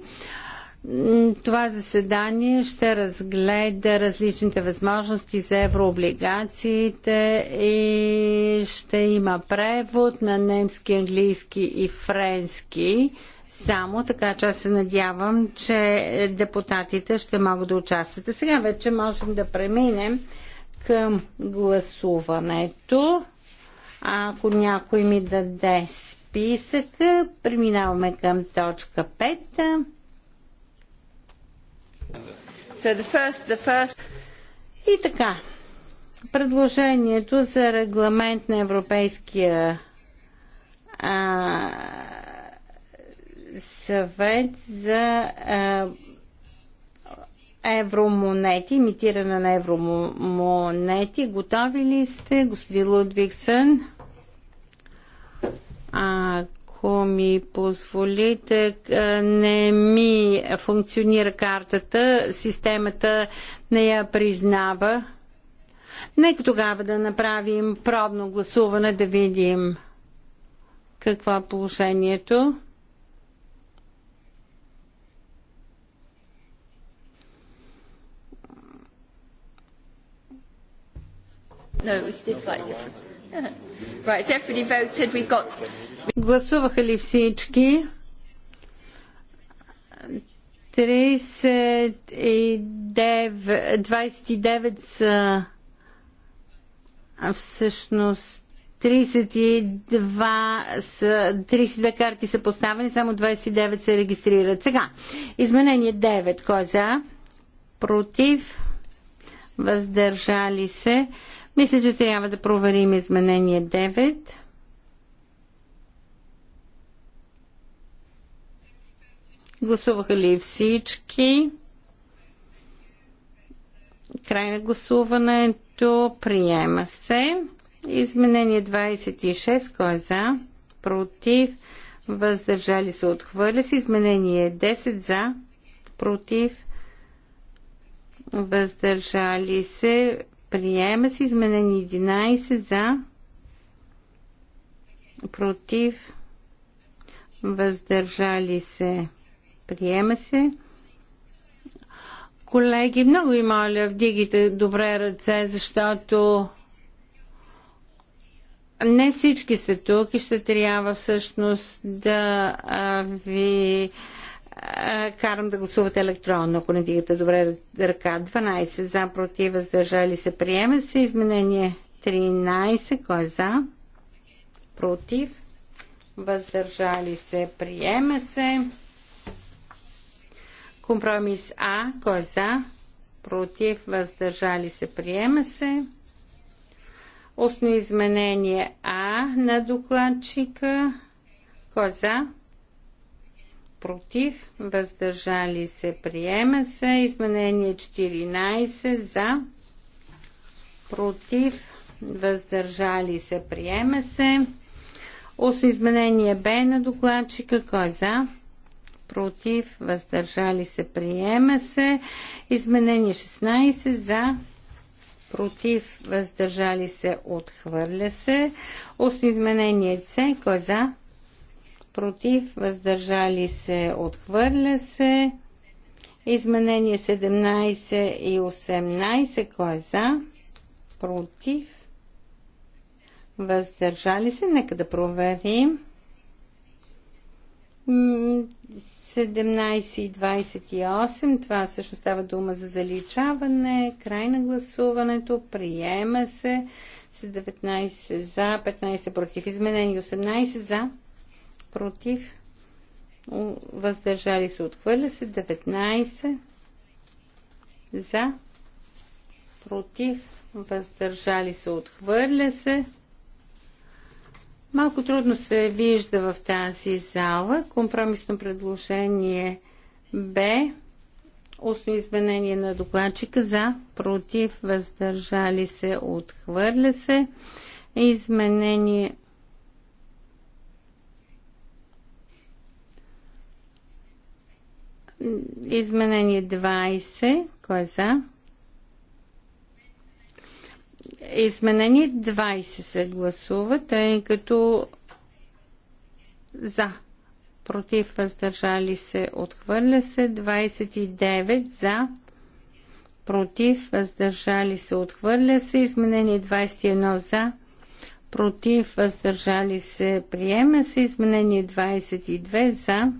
това заседание ще разгледа различните възможности за еврооблигациите и ще има превод на немски, английски и френски само, така че аз се надявам, че депутатите ще могат да участват. А сега вече можем да преминем към гласуването. Ако някой ми даде списък, преминаваме към точка 5. So the first, the first... И така, предложението за регламент на Европейския а, съвет за а, евромонети, имитиране на евромонети. Готови ли сте, господин Лудвиксън? Ако ми позволите, не ми функционира картата, системата не я признава. Нека тогава да направим пробно гласуване, да видим какво е положението. No, it's was slightly different. Yeah. Гласуваха ли всички? 29 са всъщност 32, са, 32 карти са поставени, само 29 се регистрират. Сега, изменение 9. Кой е за? Против? Въздържали се? Мисля, че трябва да проверим изменение 9. Гласуваха ли всички? Край на гласуването. Приема се. Изменение 26. Кой е за? Против. Въздържали се. Отхвърля се. Изменение 10. За. Против. Въздържали се. Приема се изменени 11 за против въздържали се. Приема се. Колеги, много ви моля, вдигайте добре ръце, защото не всички сте тук и ще трябва всъщност да ви карам да гласувате електронно, ако не дигате добре ръка. 12 за, против, въздържали се, приема се. Изменение 13, кой е за? Против, въздържали се, приема се. Компромис А, кой е за? Против, въздържали се, приема се. Устно изменение А на докладчика. Кой е за? против, въздържали се, приема се. Изменение 14 за, против, въздържали се, приема се. Осно изменение Б на докладчика, кой е за? Против, въздържали се, приема се. Изменение 16 за, против, въздържали се, отхвърля се. Осно изменение С, кой е за? против, въздържали се, отхвърля се. Изменение 17 и 18, кой е за, против, въздържали се, нека да проверим. 17 и 28, това всъщност става дума за заличаване, край на гласуването, приема се с 19 за, 15 против, изменение 18 за, против, въздържали се, отхвърля се, 19 за, против, въздържали се, отхвърля се. Малко трудно се вижда в тази зала. Компромисно предложение Б. Устно изменение на докладчика за, против, въздържали се, отхвърля се. Изменение Изменение 20. Кой е за? Изменение 20 се гласува, тъй като за, против, въздържали се, отхвърля се, 29 за, против, въздържали се, отхвърля се, изменение 21 за, против, въздържали се, приема се, изменение 22 за,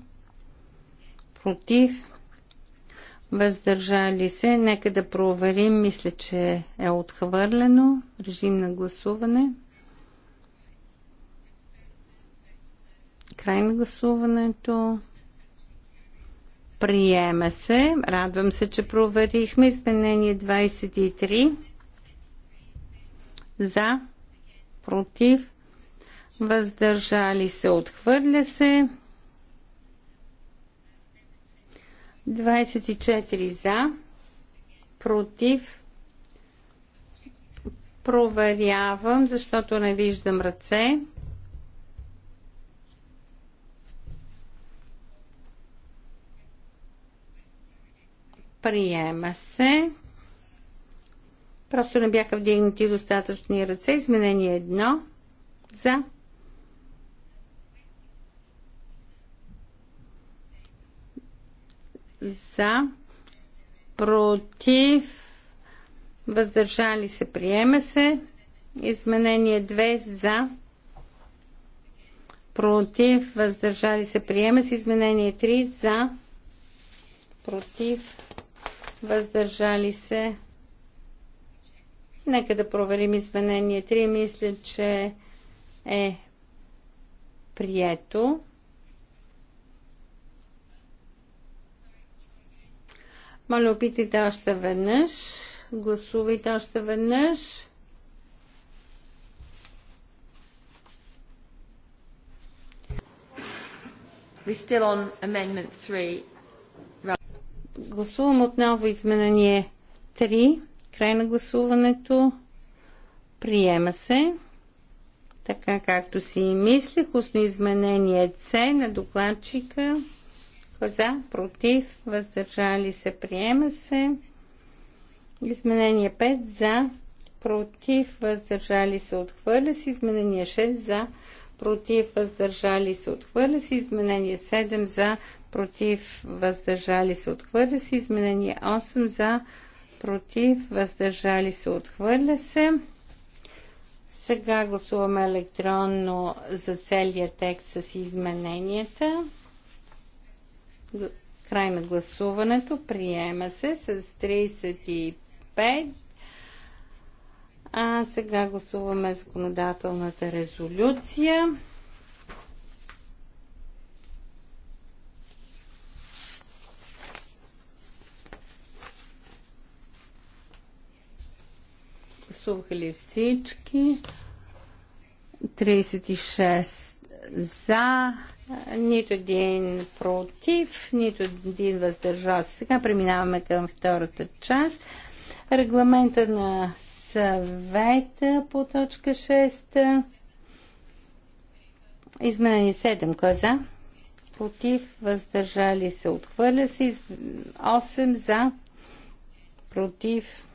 против, въздържали се. Нека да проверим. Мисля, че е отхвърлено. Режим на гласуване. Край на гласуването. Приема се. Радвам се, че проверихме изменение 23. За, против, въздържали се, отхвърля се. 24 за, против. Проверявам, защото не виждам ръце. Приема се. Просто не бяха вдигнати достатъчни ръце. Изменение едно за, за, против, въздържали се, приема се. Изменение 2 за, против, въздържали се, приема се. Изменение 3 за, против, въздържали се. Нека да проверим изменение 3. Мисля, че е прието. Моля, опитайте още веднъж. Гласувайте още веднъж. We're still on amendment 3. Гласувам отново изменение 3. Край на гласуването. Приема се. Така както си и мислих, устно изменение С на докладчика за, против, въздържали се, приема се. Изменение 5 за, против, въздържали се, отхвърля се. Изменение 6 за, против, въздържали се, отхвърля се. Изменение 7 за, против, въздържали се, отхвърля се. Изменение 8 за, против, въздържали се, отхвърля се. Сега гласуваме електронно за целият текст с измененията. Край на гласуването. Приема се с 35. А сега гласуваме законодателната резолюция. Гласуваха ли всички? 36 за, нито един против, нито един въздържал се. Сега преминаваме към втората част. Регламента на съвета по точка 6. Изменени 7. Кой е за? Против, въздържали се, отхвърля се. 8 за, против,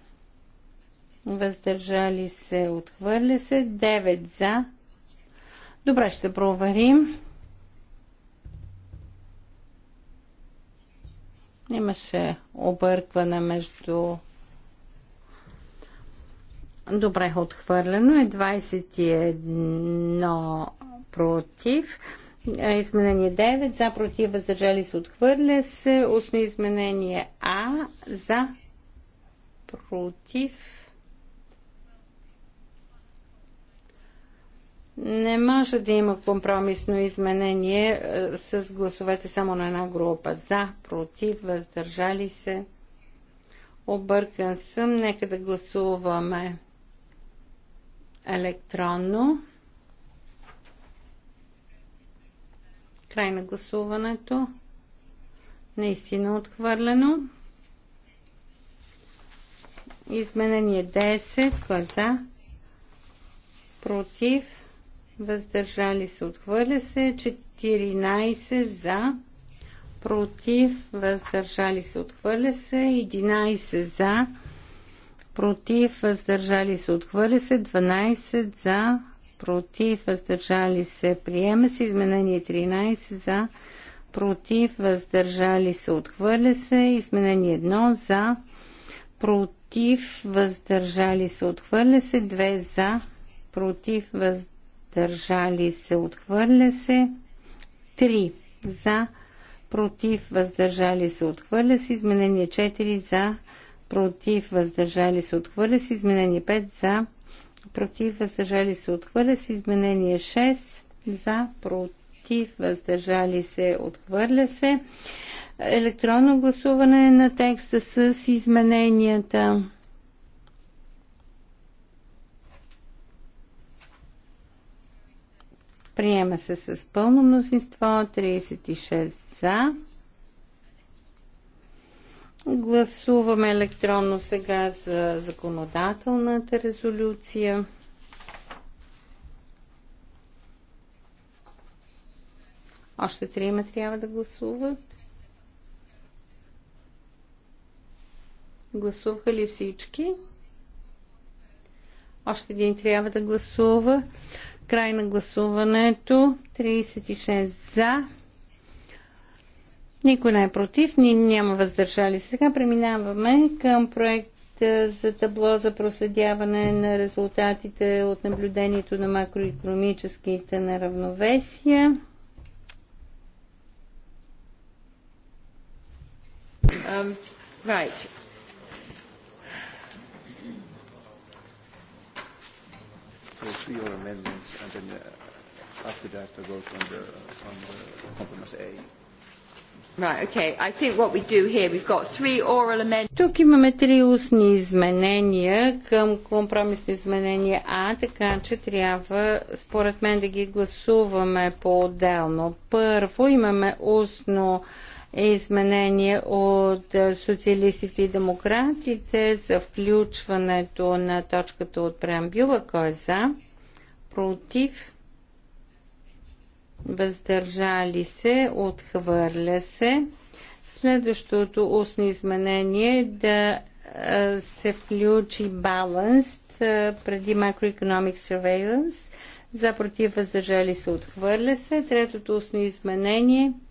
въздържали се, отхвърля се. 9 за. Добре, ще проверим. Имаше объркване между добре отхвърлено е 21 против. Е, изменение 9 за против въздържали се отхвърля се. Устно изменение А за против Не може да има компромисно изменение е, с гласовете само на една група. За, против, въздържали се. Объркан съм. Нека да гласуваме електронно. Край на гласуването. Наистина отхвърлено. Изменение 10. Кой е за? Против въздържали се, отхвърля се, 14 за, против, въздържали се, отхвърля се, 11 за, против, въздържали се, отхвърля се, 12 за, против, въздържали се, приема се, изменение 13 за, против, въздържали се, отхвърля се, изменение 1 за, против, въздържали се, отхвърля се, 2 за, против, въздържали въздържали се, отхвърля се. 3 за, против, въздържали се, отхвърля се. Изменение 4 за, против, въздържали се, отхвърля се. Изменение 5 за, против, въздържали се, отхвърля се. Изменение 6 за, против, въздържали се, отхвърля се. Електронно гласуване на текста с измененията. Приема се с пълно мнозинство 36 за. Гласуваме електронно сега за законодателната резолюция. Още трима трябва да гласуват. Гласуваха ли всички? Още един трябва да гласува. Край на гласуването. 36 за. Никой не е против, ни няма въздържали. Сега преминаваме към проект за табло за проследяване на резултатите от наблюдението на макроекономическите неравновесия. Um, right. for three other amendments, and then after that a vote on the, on compromise A. Right, okay. I think what we do here, we've got three oral amendments. Тук имаме три устни изменения към компромисно изменение А, така че трябва, според мен, да ги гласуваме по-отделно. Първо имаме устно е изменение от социалистите и демократите за включването на точката от преамбюла. Кой е за? Против? Въздържали се? Отхвърля се? Следващото устно изменение е да се включи баланс преди Macroeconomic Surveillance. За против въздържали се отхвърля се. Третото устно изменение –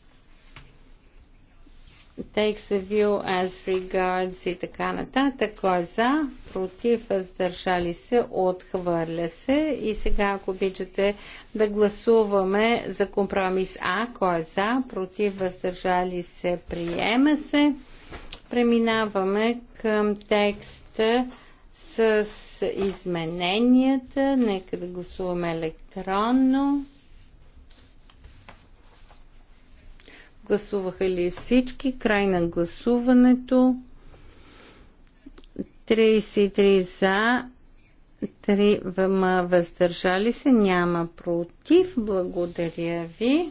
takes a view as regards и така нататък. Кой е за? Против? Въздържали се? Отхвърля се. И сега, ако обичате да гласуваме за компромис А. Кой е за? Против? Въздържали се? Приема се. Преминаваме към текста с измененията. Нека да гласуваме електронно. Гласуваха ли всички? Край на гласуването. 33 за, 3 въздържали се, няма против. Благодаря ви.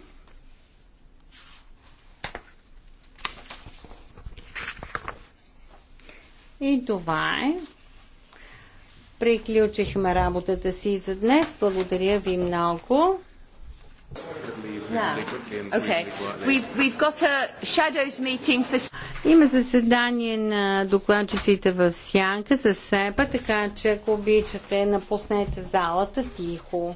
И това е. Приключихме работата си за днес. Благодаря ви много. Има заседание на докладчиците в Сянка за себе, така че ако обичате, напуснете залата тихо.